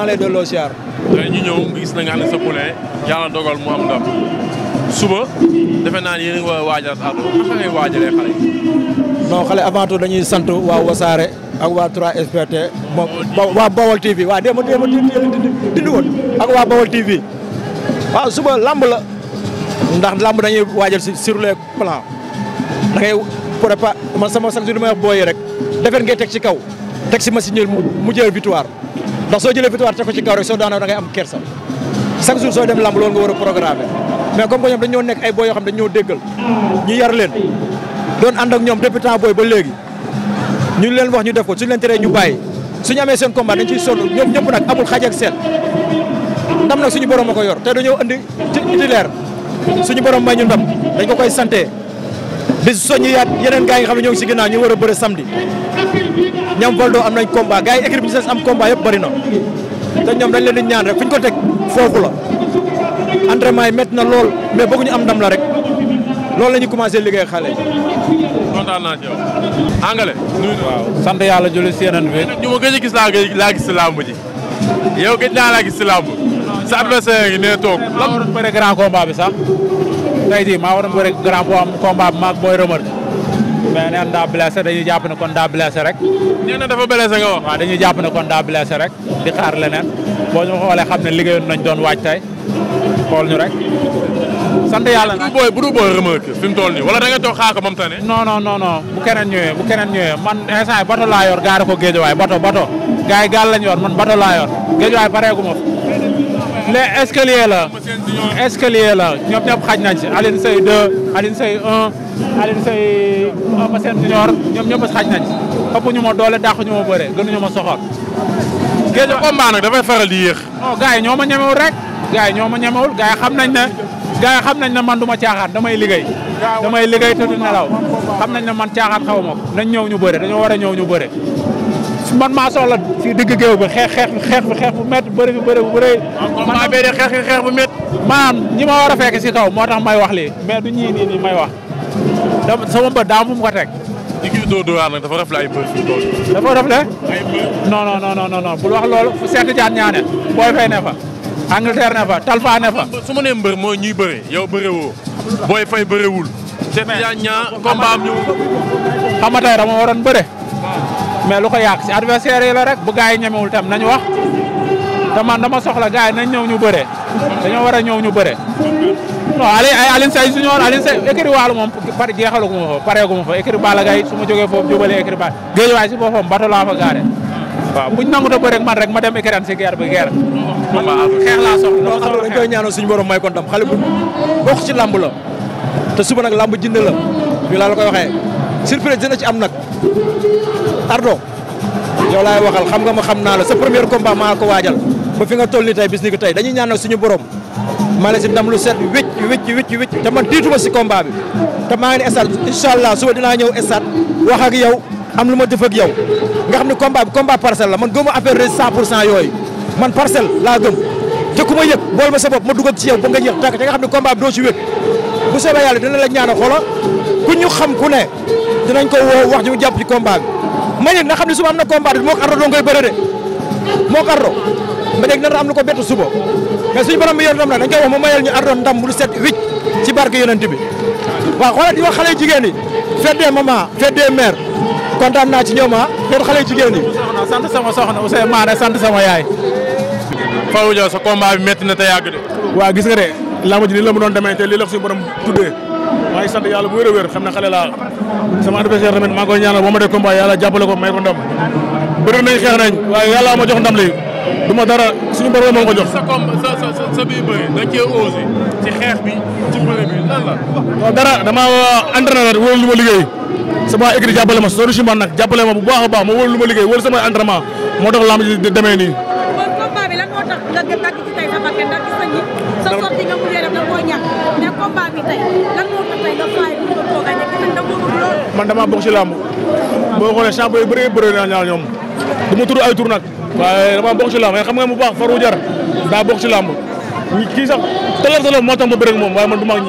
maa lay delloo siyaar. tey ñu ñëw gis nañ ne sa poulain yàlla dogal mu am suba defe naa ne yéen a ngi koy waajal sa àdduna naka xale yi. xale avant dañuy sant waa Wasaare ak waa 3SPT moom waa Bawol TV waa démb démb dindi woon ak waa Bawol TV waaw suba lamb la ndax lamb dañuy waajal sur les plans da ngay prépa man sama chaque jour li may booy rek defet ngay teg ci kaw teg si machine mu mu jël victoire. ndax soo jëlee victoire teg ko ci kaw rek soo daanoo da ngay am kersa chaque jour soo dem lamb loolu nga war a programmer mais comme que ñoom dañoo nekk ay boy yoo xam dañoo déggal ñu yar leen doon ànd ak ñoom depuis temps booy ba léegi ñu leen wax ñu def ko suñu leen teree ñu bàyyi suñu amee seen combat dañ ciy sonn ñoom ñëpp nag amul xaj ak seen ndam nag suñu borom a ko yor te dañoo andi titulaire suñu borom may ñu ndam dañ ko koy santé di soññi yaat yeneen gars yi nga xam ne ñoo ngi si ginnaaw war a bëre samedi ñoom Valdo am nañ combat gars yi équipe bi ñu am combat yëpp bëri na te dañ leen di ñaan rek fu ñu ko teg foofu la entraînement yi na lool mais bëgguñu am ndam la rek loolu la ñuy commencé liggéey xale sant yàlla julli si bi. ñu ma gëj a gis laa laa gis si làmb ji yow gëj naa laa gis si làmb sa adversaire yi nee toog. maa waroon bëre grand combat bi sax tey jii maa bu am booy remercié. mais neen daa blessé dañuy jàpp ne daa blessé rek. na dafa blessé nga wax. waaw dañuy jàpp ne kon daa blessé rek di xaar leneen boo ñu xoolee xam ne liggéeyoon nañ doon waaj tey xool ñu rek. sant yàlla nag bu booy bu du booy remarque fi mu toll da nga toog xaar ko moom tane. non non non non bu keneen ñëwee bu keneen ñëwee man instant yii bato laa yor gaare ko géejewaay bato bato gars yi gaal lañ yor man bato laa yor géejewaay pareegu ma. les escaliers la. nañ ci Aline Seye 2 Aline Seye 1. Alioune Seye Eumeu Sène junior ñoom ñëpp xaj nañ xëpp ñu ma doole dàqu ñu ma bëre gënuñu ma soxor. géej combat nag dafay faral di yéex. non ñoo ma ñemewul rek. gars ñoo ma ñemewul gars xam nañ na gars yi nañ ne man du ma caaxaan damay liggéey. damay liggéey te du nelaw. xam nañ na man caaxaan xaw ma nañ ñëw ñu bëre dañoo war a ñëw ñu bëre. man maa soxla si digg géew bi xeex xeex xeex bi xeex bu métti bëri bi bu bëri. man maa bee de xeex bu métti. maa ñi ma war a fekk si kaw moo tax may wax lii mais du ñii nii nii may wax. dama sama bët daa mum ko teg. di gis doo doowaar nag dafa rafetlu ay mbër fi tool dafa rafetlu ay mbër non bul wax loolu fu seet jaan ñaane booy fay ne fa Angleterre ne fa Talfa ne fa su ma nee mbër mooy ñuy bëre yow bëre woo booy fay bërewul seet jaan ñaa combat am ñu xam nga bëre mais lu ko yàq si adversaire yi la rek bu gars yi ñemewul tam nañu wax dama dama soxla gars yi nañ ñëw ñu bëre dañoo war ñëw ñu bëre non Alioune Seye Junior Alioune Seye écurie Waalo moom pare jeexalagu ma fa pareegu ma fa écurie Balla Gaye su ma jógee foofu jubalee écurie Balla géej si boppam bato laa fa gaare waaw buñ nangu man rek ma dem écurie si guerre bi guerre xeex laa soxla loo xam ne dañ koy suñu borom may ko ndam xale bu la te suba nag lamb jënd la ñu laa la koy waxee surprise dina ci am nag Ardo yow laay waxal xam nga ma xam naa la sa premier combat maa ko waajal ba fi nga toll nii tey bis ni ko tey dañuy ñaanal suñu borom maa ngi si ndam lu set wécc wécc wécc wécc te man tiituma si combat bi te maa ngi ne stade incha suba dinaa ñëw stade wax ak am lu ma def ak yow nga xam ne combat bi combat parcelle la man gëmu affaire rek 100 pour cent yooyu man parcelle laa gëm te ku ma yëg bool ma sa bopp ma dugal ci yow ba nga yëg tàkk te nga xam ne combat bi doo ci wéet bu soobee yàlla dina la ñaan a xolo ku ñu xam ku ne dinañ ko woo wax ñu jàpp ci combat bi ma yëg nga xam ne suba am na combat bi moo ko ardo doo ngay ba léegi nar am lu ko bett suba mais suñu borom bi yor ndam nag dañ koy wax mu mayal ñu ardoon ndam lu set wicc ci barke yonent bi waaw xoolal di wax xale jigéen yi fête des mamans fête des mères kontaan naa ci ñoom ah fête xale jigéen yi sant sama soxna Ousseyn Maane sant sama yaay Fallou Diaw sa combat bi métti na te yàgg de waaw gis nga de làmb ji nii la mu doon demee te lii la suñu borom tuddee maa ngi sant yàlla bu wér a wér xam ne xale laa sama adversaire tamit maa ngi koy ñaanal boo ma dee combat yàlla jàppale ko may ko ndam bëri nañ xeex nañ waaye yàlla ma jox ndam li ma dara suñu borom moo ko jox. sa kom sa sa sa biy bëri cee osé ci xeex bi ci bëre bi lan la. waaw dara damaa entraîneur wóor lu ma liggéey sama écrit jàppale ma sori si man nag jàppale ma bu baax a baax ma wóor lu ma liggéey wóor moo tax lamb sa bakkan ndax gis da koo ñàkk mais moo tax tey nga faay man damaa bokk ci lamb boo xoolee champion yi bëree bëri naa ñaar ñoom du ma tudd ay tur nag waaye dama bokk ci làmb xam nga bu baax faru jar daa bokk ci làmb kii sax talal talal moo tax ma bëre ak moom waaye man du mag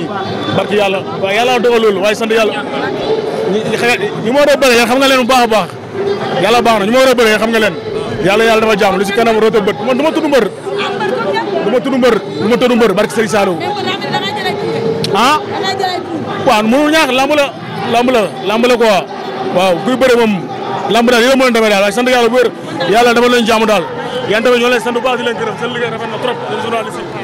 yàlla waaye yàlla dogal loolu waaye sant yàlla ñu ma war a bëre xam nga leen bu baax yàlla baax na ñu ma war a bëre yéen xam nga leen yàlla yàlla dafa jaam lu si kanam roota bët man du ma tudd mbër du ma tudd mbër du ma tudd mbër barki Serigne Saliou ah waaw mënul ñaax lamb la lamb la lamb la quoi waaw kuy bëre moom lamb daal yi la mën a demee daal waaye sant yàlla bu wér yàlla dama leen jaamu daal yéen tamit ñoo leen sant bu baax di leen gërëm seen liggéey rafet na trop journaliste yi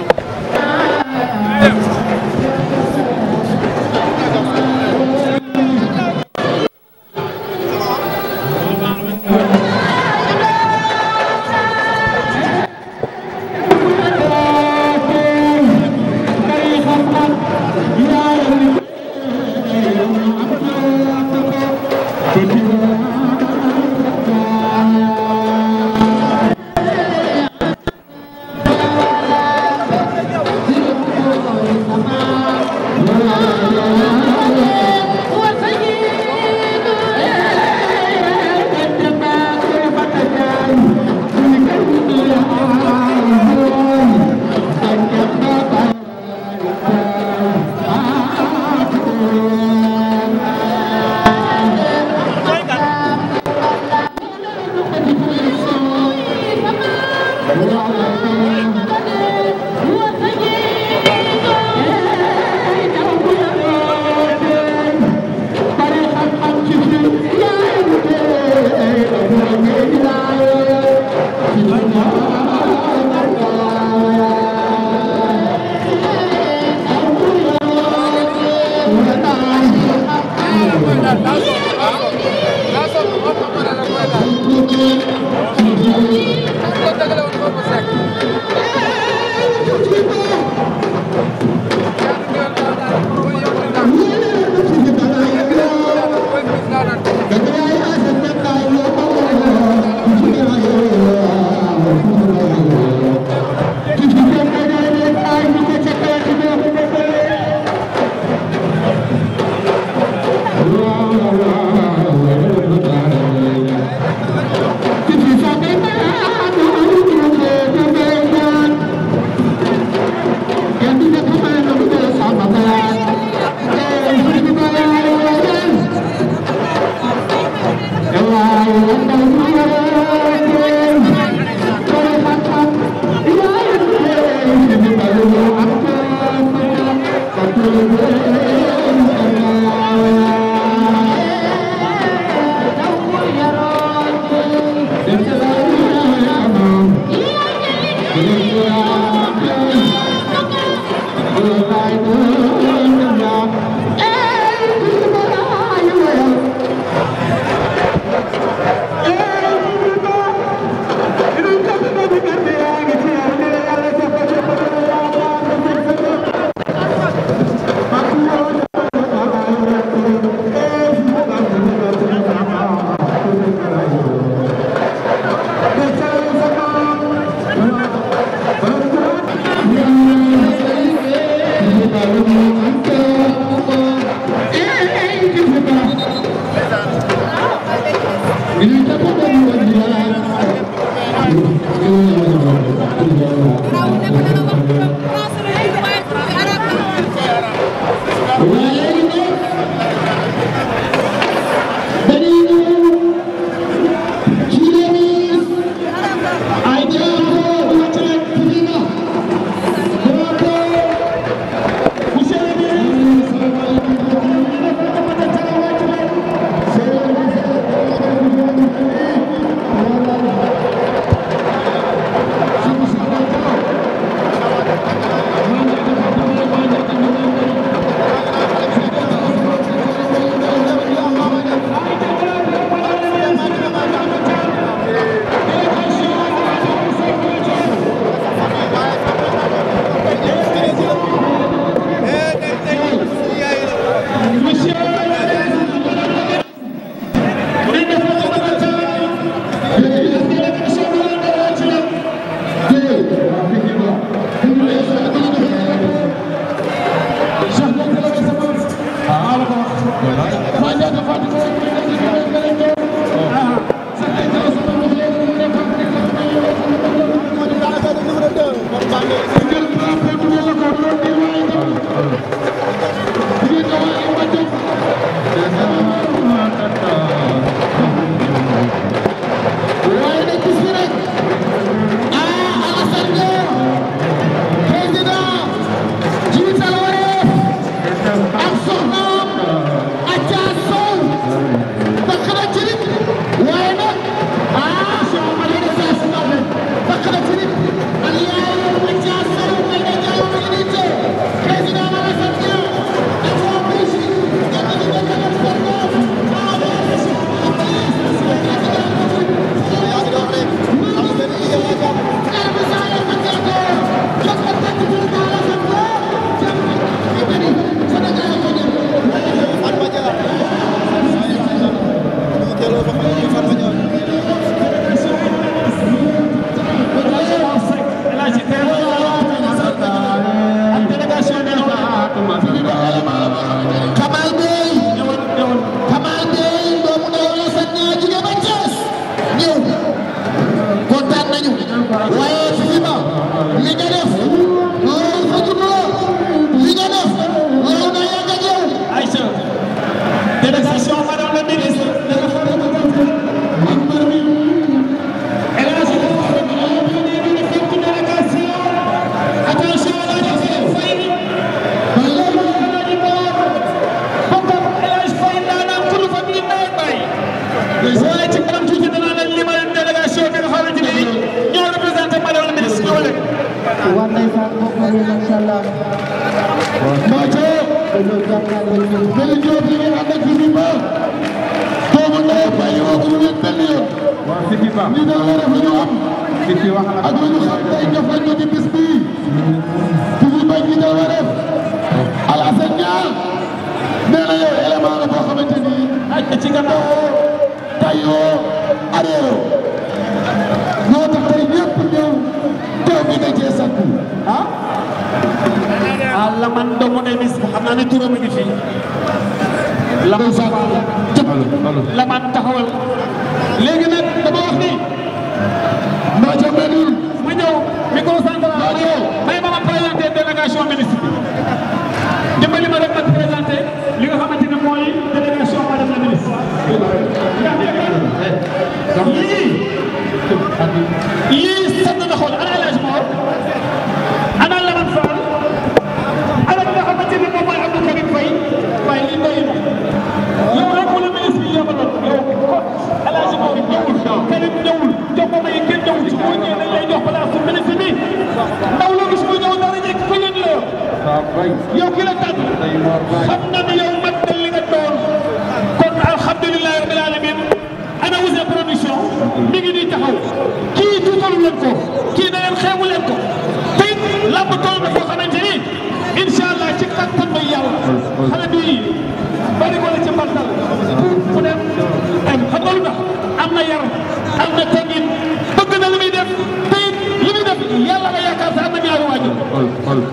kon nag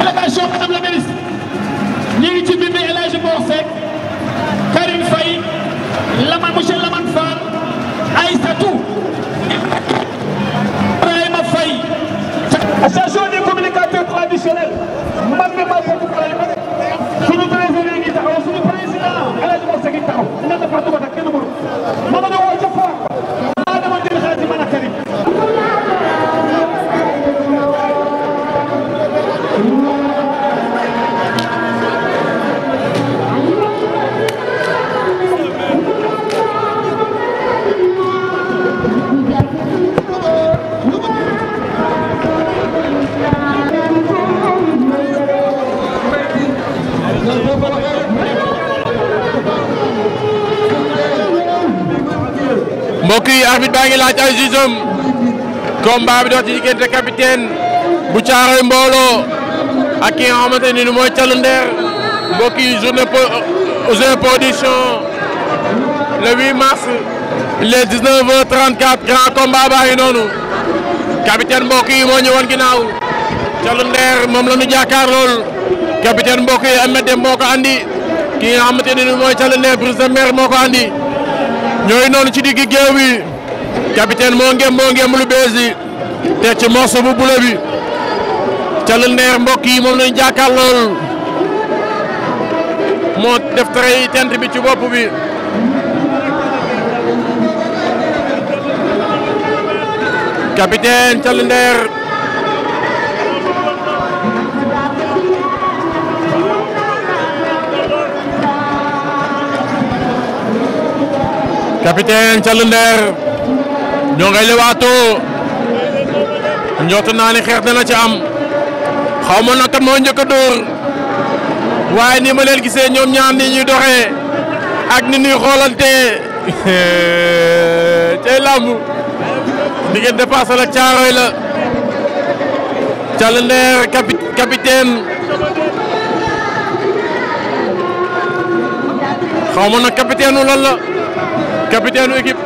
délégation madame la ministre ñu ngi ci bind El Hadj Mor Seck Karim Faye Lamane monsieur Lamane Fall Aïssatou Ibrahima Faye. association des communicateurs traditionnels man de maa bokk suñu président ngi taxaw suñu président El Hadj Mor Seck ngi taxaw na partout ba tax kenn mënu mbokk yi arbitre baa ngi laaj ay jugeem combat bi dox ci diggante capitaine bu caaroy mbooloo ak ki nga xamante ni mooy Thialou Nder mbokk yi le mars il grand combat baa ngi noonu capitaine mbokk yi moo ñëwoon ginnaaw moom la ñu jàkkaar lool capitaine mbokk yi Ahmed Deme andi ki nga xamante ni mooy Thialou Nder brise de andi. ñooy noonu ci diggi géew bi capitaine moo ngem moo ngem lu bees yi te ci morceau bu bula bi ca la mbokk yi moom lañ jàkkaar lool moo def tere yi bi ci bopp bi capitaine Thialy capitaine Thialou ñoo ngay lewaatoo njootu naa ni xeex dana ci am xaw ma nag kat moo njëkk a dóor waaye ni ma leen gisee ñoom ñaar ñuy doxee ak ni ñuy xoolante cay làmb diggante Parcelles ak Thiaroye la Thialou Nder capitaine xaw ma capitaine lan capitaine équipe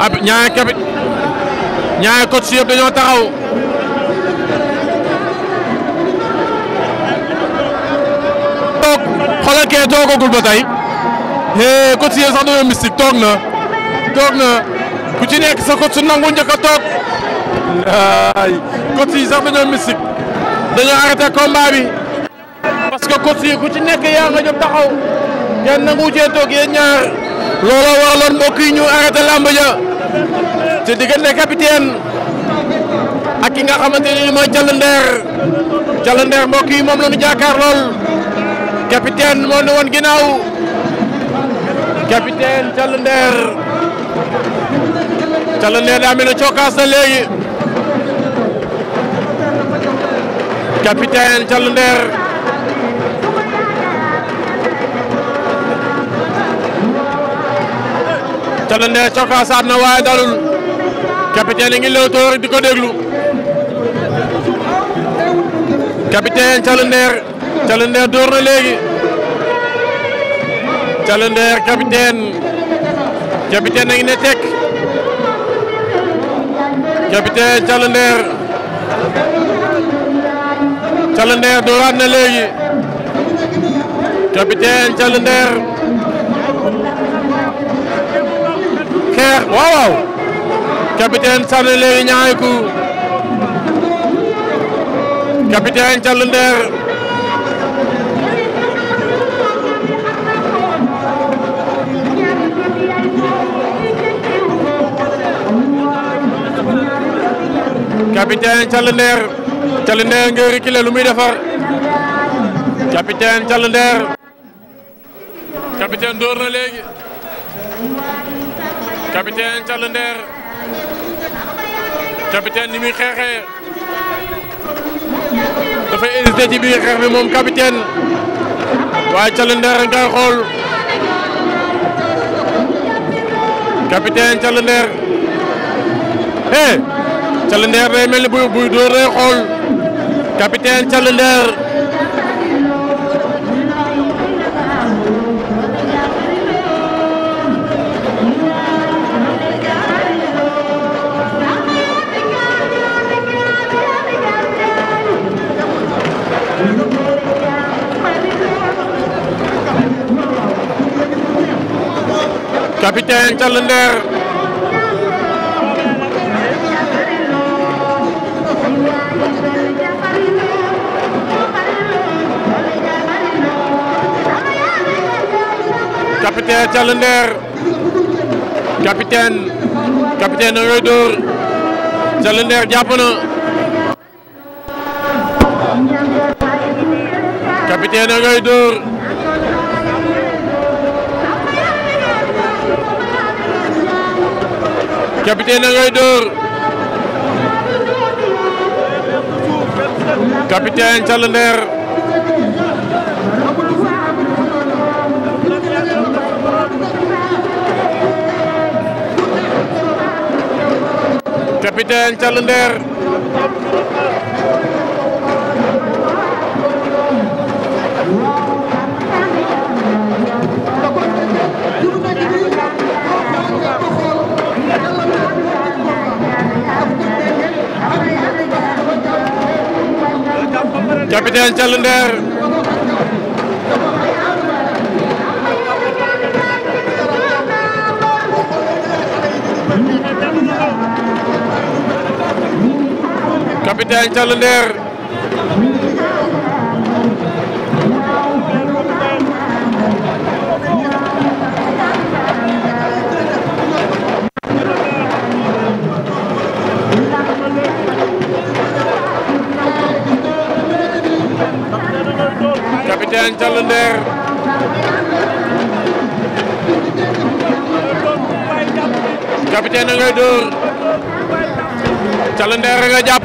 ab ñaari capit ñaari coach yëpp dañoo taxaw toog xoolal kee toogagul ba tey hee coach yëpp sax dañoo mystique toog na toog na ku ci nekk sa coach nangu njëkk toog ay coach yi sax dañoo mystique dañoo arrêté combat bi parce que coach yi ku ci nekk yaa nga jóg taxaw kenn nangu cee toog yéen ñaar looloo waraloon mbokk ñu arrêté làmb ja ci diggante capitaine ak ki nga xamante ne mooy Jalandeer Jalandeer mbokk yi moom la ñu jàkkaar lool capitaine moo ne woon ginnaaw capitaine Jalandeer Jalandeer daa mel ne cokkaas na capitaine Thialou Nder Thialou na waaye dalul capitaine ngi lew toor di ko déglu capitaine Thialou Nder door na léegi Thialou Nder capitaine capitaine ngi ne tek capitaine Thialou Calendeer dooraat na léegi capitaine Calendeer xeex waaw waaw capitaine sànni léegi ñaari ku Thialy Nder ngay lu muy defar capitaine Thialy Nder capitaine door na léegi capitaine Thialy muy xeexee dafay hésité ci biir xeex bi moom capitaine waaye Thialy Nder xool capitaine Thialy Nder eh day mel buy buy door day xool. capitaine Thialy Nder capitaine Thialy Nder capitaine Thialy Nder capitaine capitaine da ngay dóor Thialy Nder jàpp na capitaine da ngay dóor capitaine da capitaine Thialy Nder capitaine Thialy Nder capitaine Thialy Nder capitaine Thialy Nder capitaine a ngay dóor Thialy Nder nga jàpp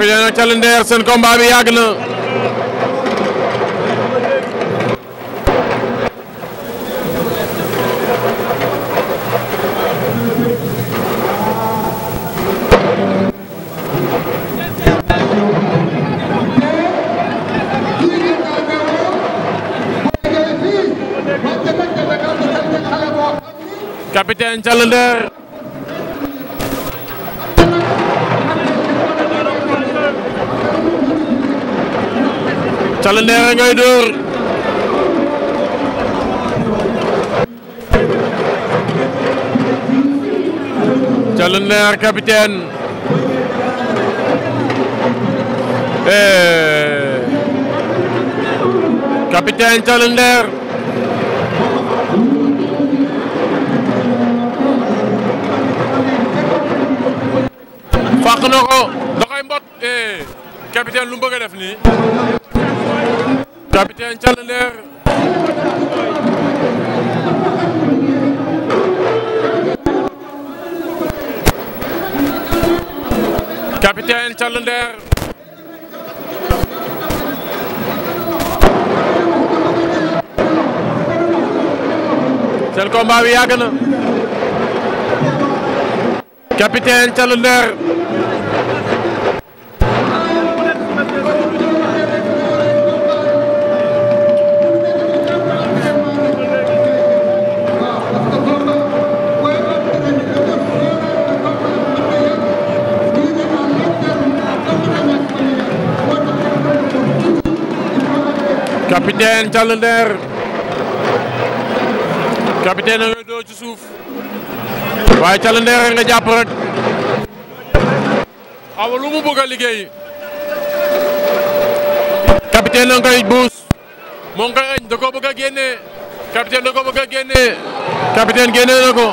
Papillon ak Calendeer seen combat bi capitaine Calendeer Kalindera ngay dóor Kalindera capitaine eh. capitaine Kalindera fàq na ko da koy mbot eh. capitaine lu mu def nii capitaine Challenger capitaine Challenger seen combat bi yàgg capitaine Challenger capitaine Thialy Nder ci suuf waaye Thialy Nder nga jàpp rek awa mu bëgg a liggéey nga koy buus moo ngi koy añ da koo bëgg a na ko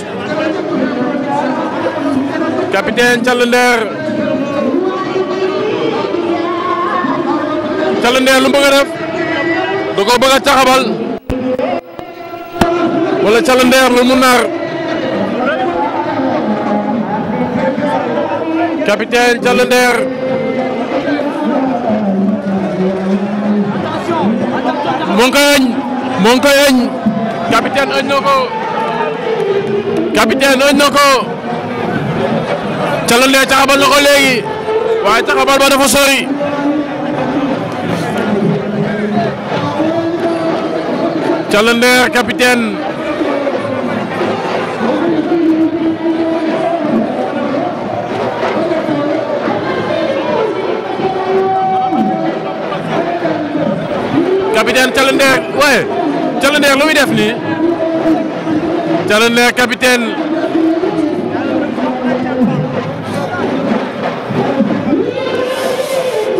capitaine Thialy Nder Thialy Nder lu wala Thialy Nder lu capitaine Thialy Nder mu ngi koy ëñ mu ngi koy capitaine ëñ na calon lee taxabal na ko léegi waaye lu muy def nii Calandeer capitaine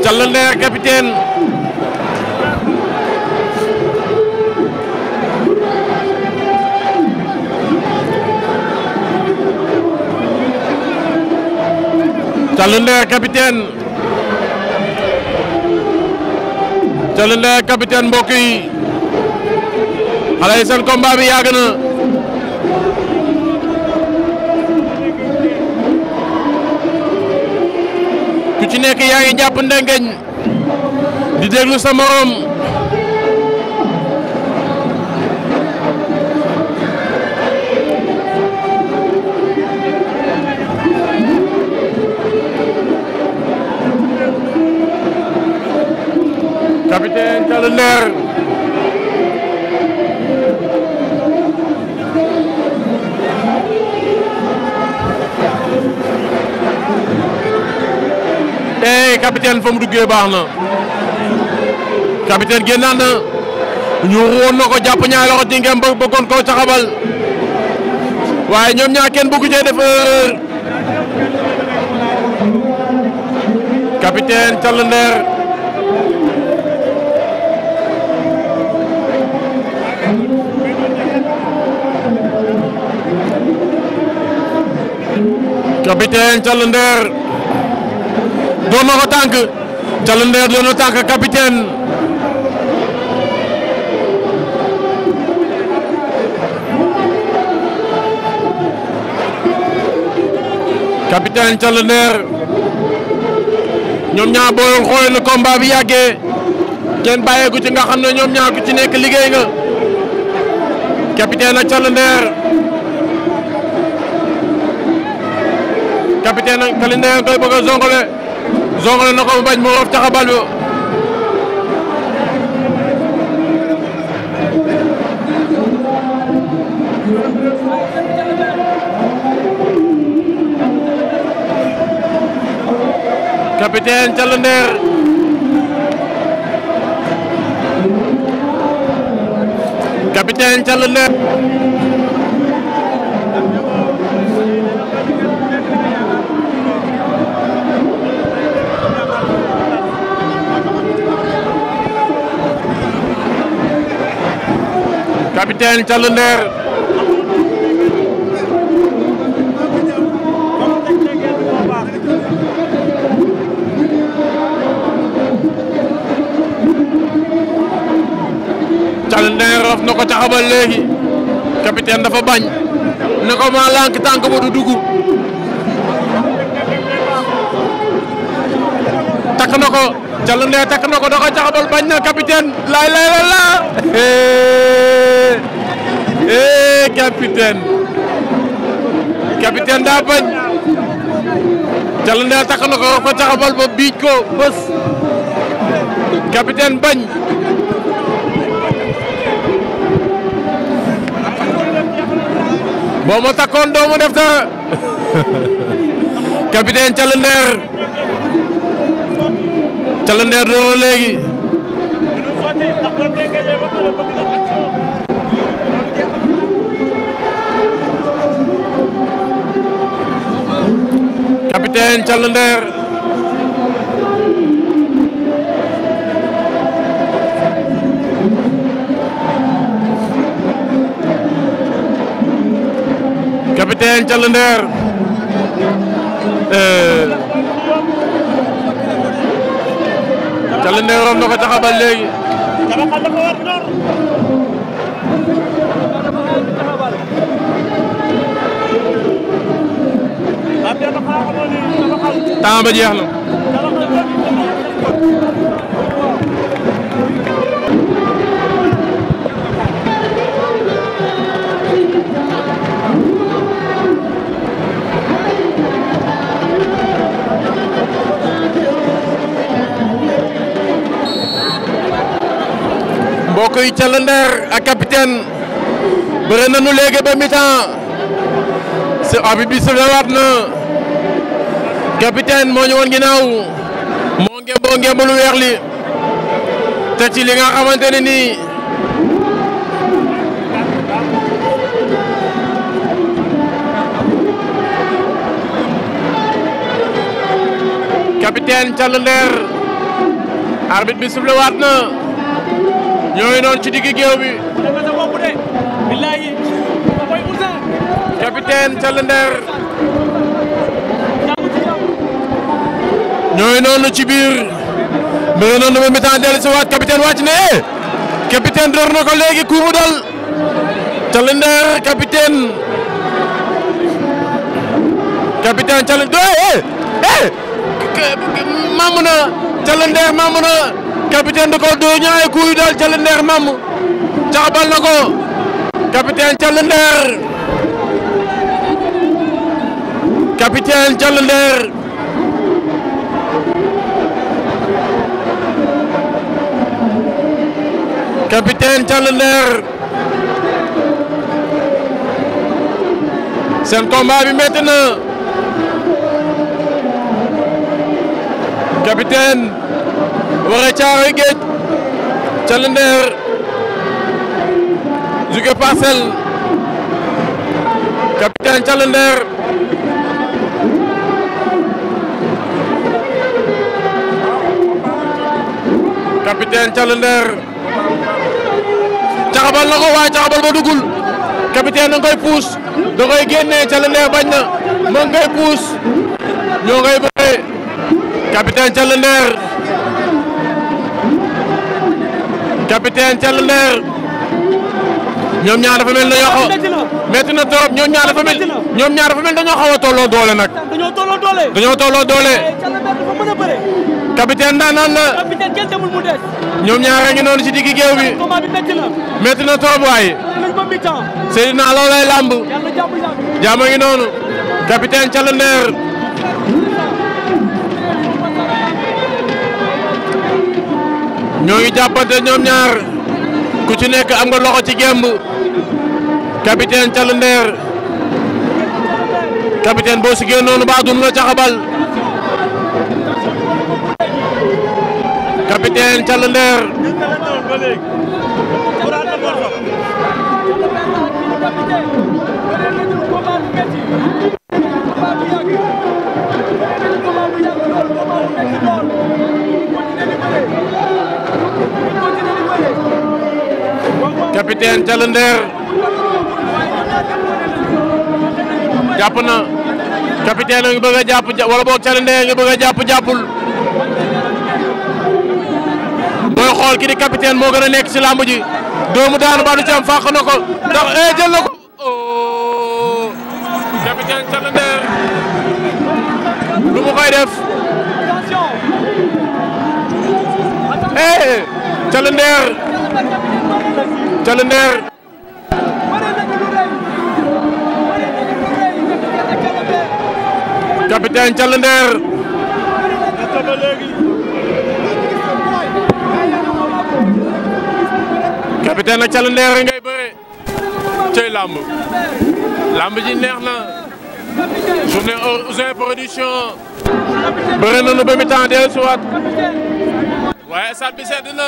Calla Ndeer capitaine Calla Ndeer capitaine Calla Ndeer capitaine mbokk yi ci nekk yaa ngi jàpp ndengeñ di déglu sa morom capitaine Talla capitaine fa mu duggee baax na capitaine génnaat na ñu woon ko jàpp ñaari loxo ci ngeen bëggoon koo saxabal waaye ñoom ñaar kenn bëggu cee def capitaine Talla doon na ko tànk Jallo Ndeer doon na tànk capitaine capitaine Jallo ñoom ñaar boo xoolee ne combat bi yàggee ngeen bàyyeeku ci nga xam ne ñoom ñaar ku ci nekk liggéey nga capitaine ak Jallo Ndeer ak Jallo Ndeer koy bëgg a zongale zongale na ko mu bañ mu roof taxabal bi capitaine Thialy Nder capitaine Thialy Nder capitaine Thialy Nder Thialy Nder raf na ko ca xabal léegi capitaine dafa bañ ne maa lànk tànk ba du takk na ko takk na ko ca xabal bañ na capitaine laay laay la eh capitaine capitaine daa bañ Jalanda takk ko war ko ba biij ko bës bañ boo ma takkoon doo ma def dara capitaine Calandeer capitaine Thial Nder capitaine Thial Nder eh. Thial Nder rom na ko temps ba jeex na. mbokk yi Thialender ak capitaine bëre nañu léegi ba mi-temps si abi bi na Diagne moo ñu woon ci li xamante ne nii capitaine Thial Nder arbitre bi sifflé waat ñooy noonu ci diggi géew bi capitaine Thial ñooy noonu ci biir mu ngi noonu ba mi-temps dellu si waat capitaine wàcc na eh door na ko léegi ku mu dal Thialinor capitaine capitaine Thialinor eh eh, eh maam na Thialinor maam na capitaine da ko doo ñaay kuy dal Thialinor maam caxabal na ko capitaine Thialinor capitaine Thialinor capitaine Diallo Nder seen combat bi na capitaine waxe caaroy géej Diallo Nder jóge capitaine Diallo caxabal na ko waaye caxabal ba dugul capitaine da koy puus da koy génnee Thialendey bañ na moo ngay puus ñoo ngay bëree capitaine Thialendey capitaine Thialendey ñoom ñaar dafa mel dañoo xaw metti na trop ñoom ñaar dafa mel ñoom ñaar dafa mel xaw a doole nag dañoo tolloo doole dañoo tolloo doole capitaine daan naan ñoom ñaar a ngi noonu ci diggi géew bi métti na trop waaye. Seydina loolay làmb. jàmm ngi noonu. capitaine Thialu ñoo ngi jàppante ñoom ñaar. ku ci nekk am nga loxo ci gemb. capitaine Thialu Nder. capitaine boo si génn noonu ba dun la caxabal. capitaine Thialu Nder. capitaine Thialender jàpp na capitaine a ngi bëgg a jàpp wala boog Thialender a ngi bëgg a jàpp jàppul mooy xool ki di capitaine moo gën a nekk ci làmb ji doomu daanu ba du ci am fàq na ko ndax eh jël na ko oh. capitaine Thialender lu mu koy def eh Thialender Caly Nder capitaine Caly Nder capitaine na Caly Nder ngay ji neex na journée Ouzin Production bëre nañu ba mi temps dellusiwaat waaye sat bi sedd na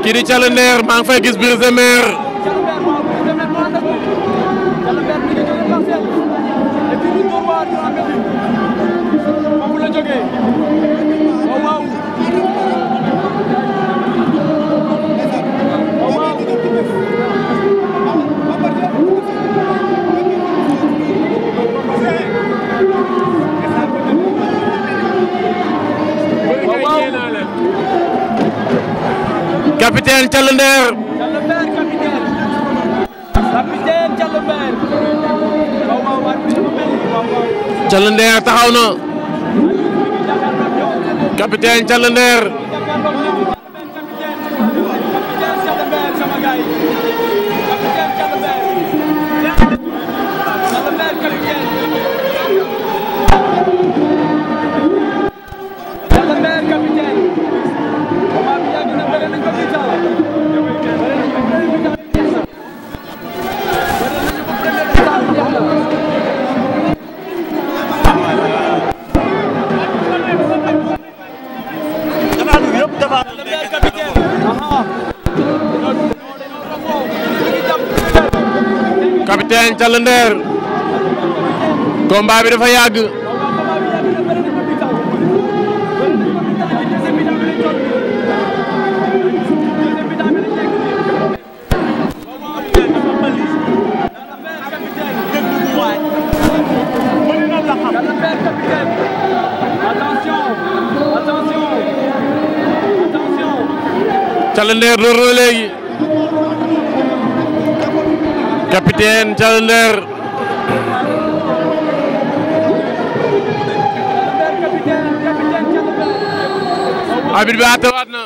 kii di Thialy Nder maa ngi fay gis Brise de Mer capitaine Thialy Nder Thialy Nder taxaw na capitaine Thialy Nder capitaine Thial Nder combat bi dafa yàgg Thial Nder door na léegi teen ca Nder abit bi àttewaat na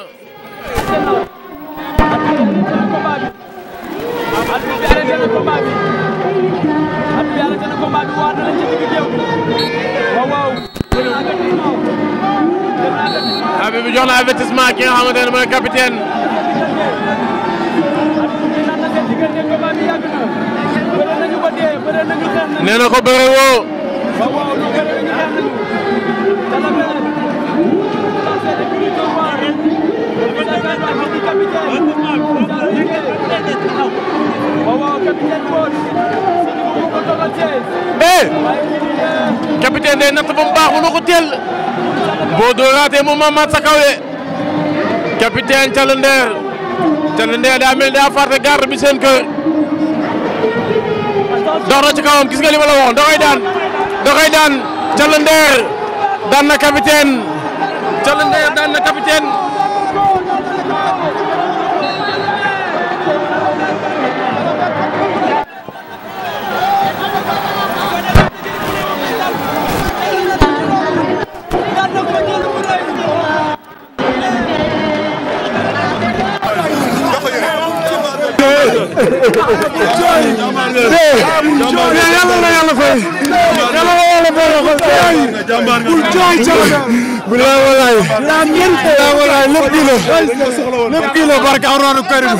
abi bi jox na avertissement ki nga xamante ne mooy capitaine nee na ko bëre woo eh capitaine day natt ba mu baax mënu ko kër. dox na ci kawam gis nga li ma la waxoon da koy daan da koy daan Thialy Nder daan na capitaine Thialy Nder daan na capitaine. yàlla na yàlla fay yàlla na yàlla fay bul jooy Thiaka bu laa walaay laa walaay lépp kii la lépp kii la barke Alxuraanu Kariim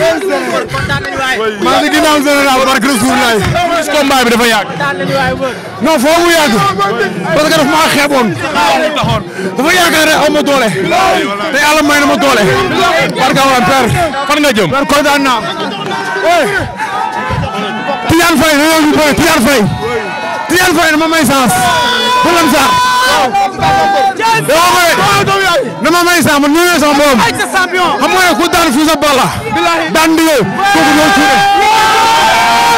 maa ngi ginnaaw général barke Rasulullaay combat bi dafa yàgg non foo mu yàgg parce que daf maa xeeboon dafa yaakaar ne am ma doole te yàlla may na ma doole barke Alxuraan père fan nga jëm kontaan naa Tidiane Faye dañoo ñu bëri Tidiane Faye. Tidiane Faye dama may chance. bu lam sax. dama may chance man ñëwee sama borom. xam nga ku daan fii sa bala. daan dige kooku ñoo cuune.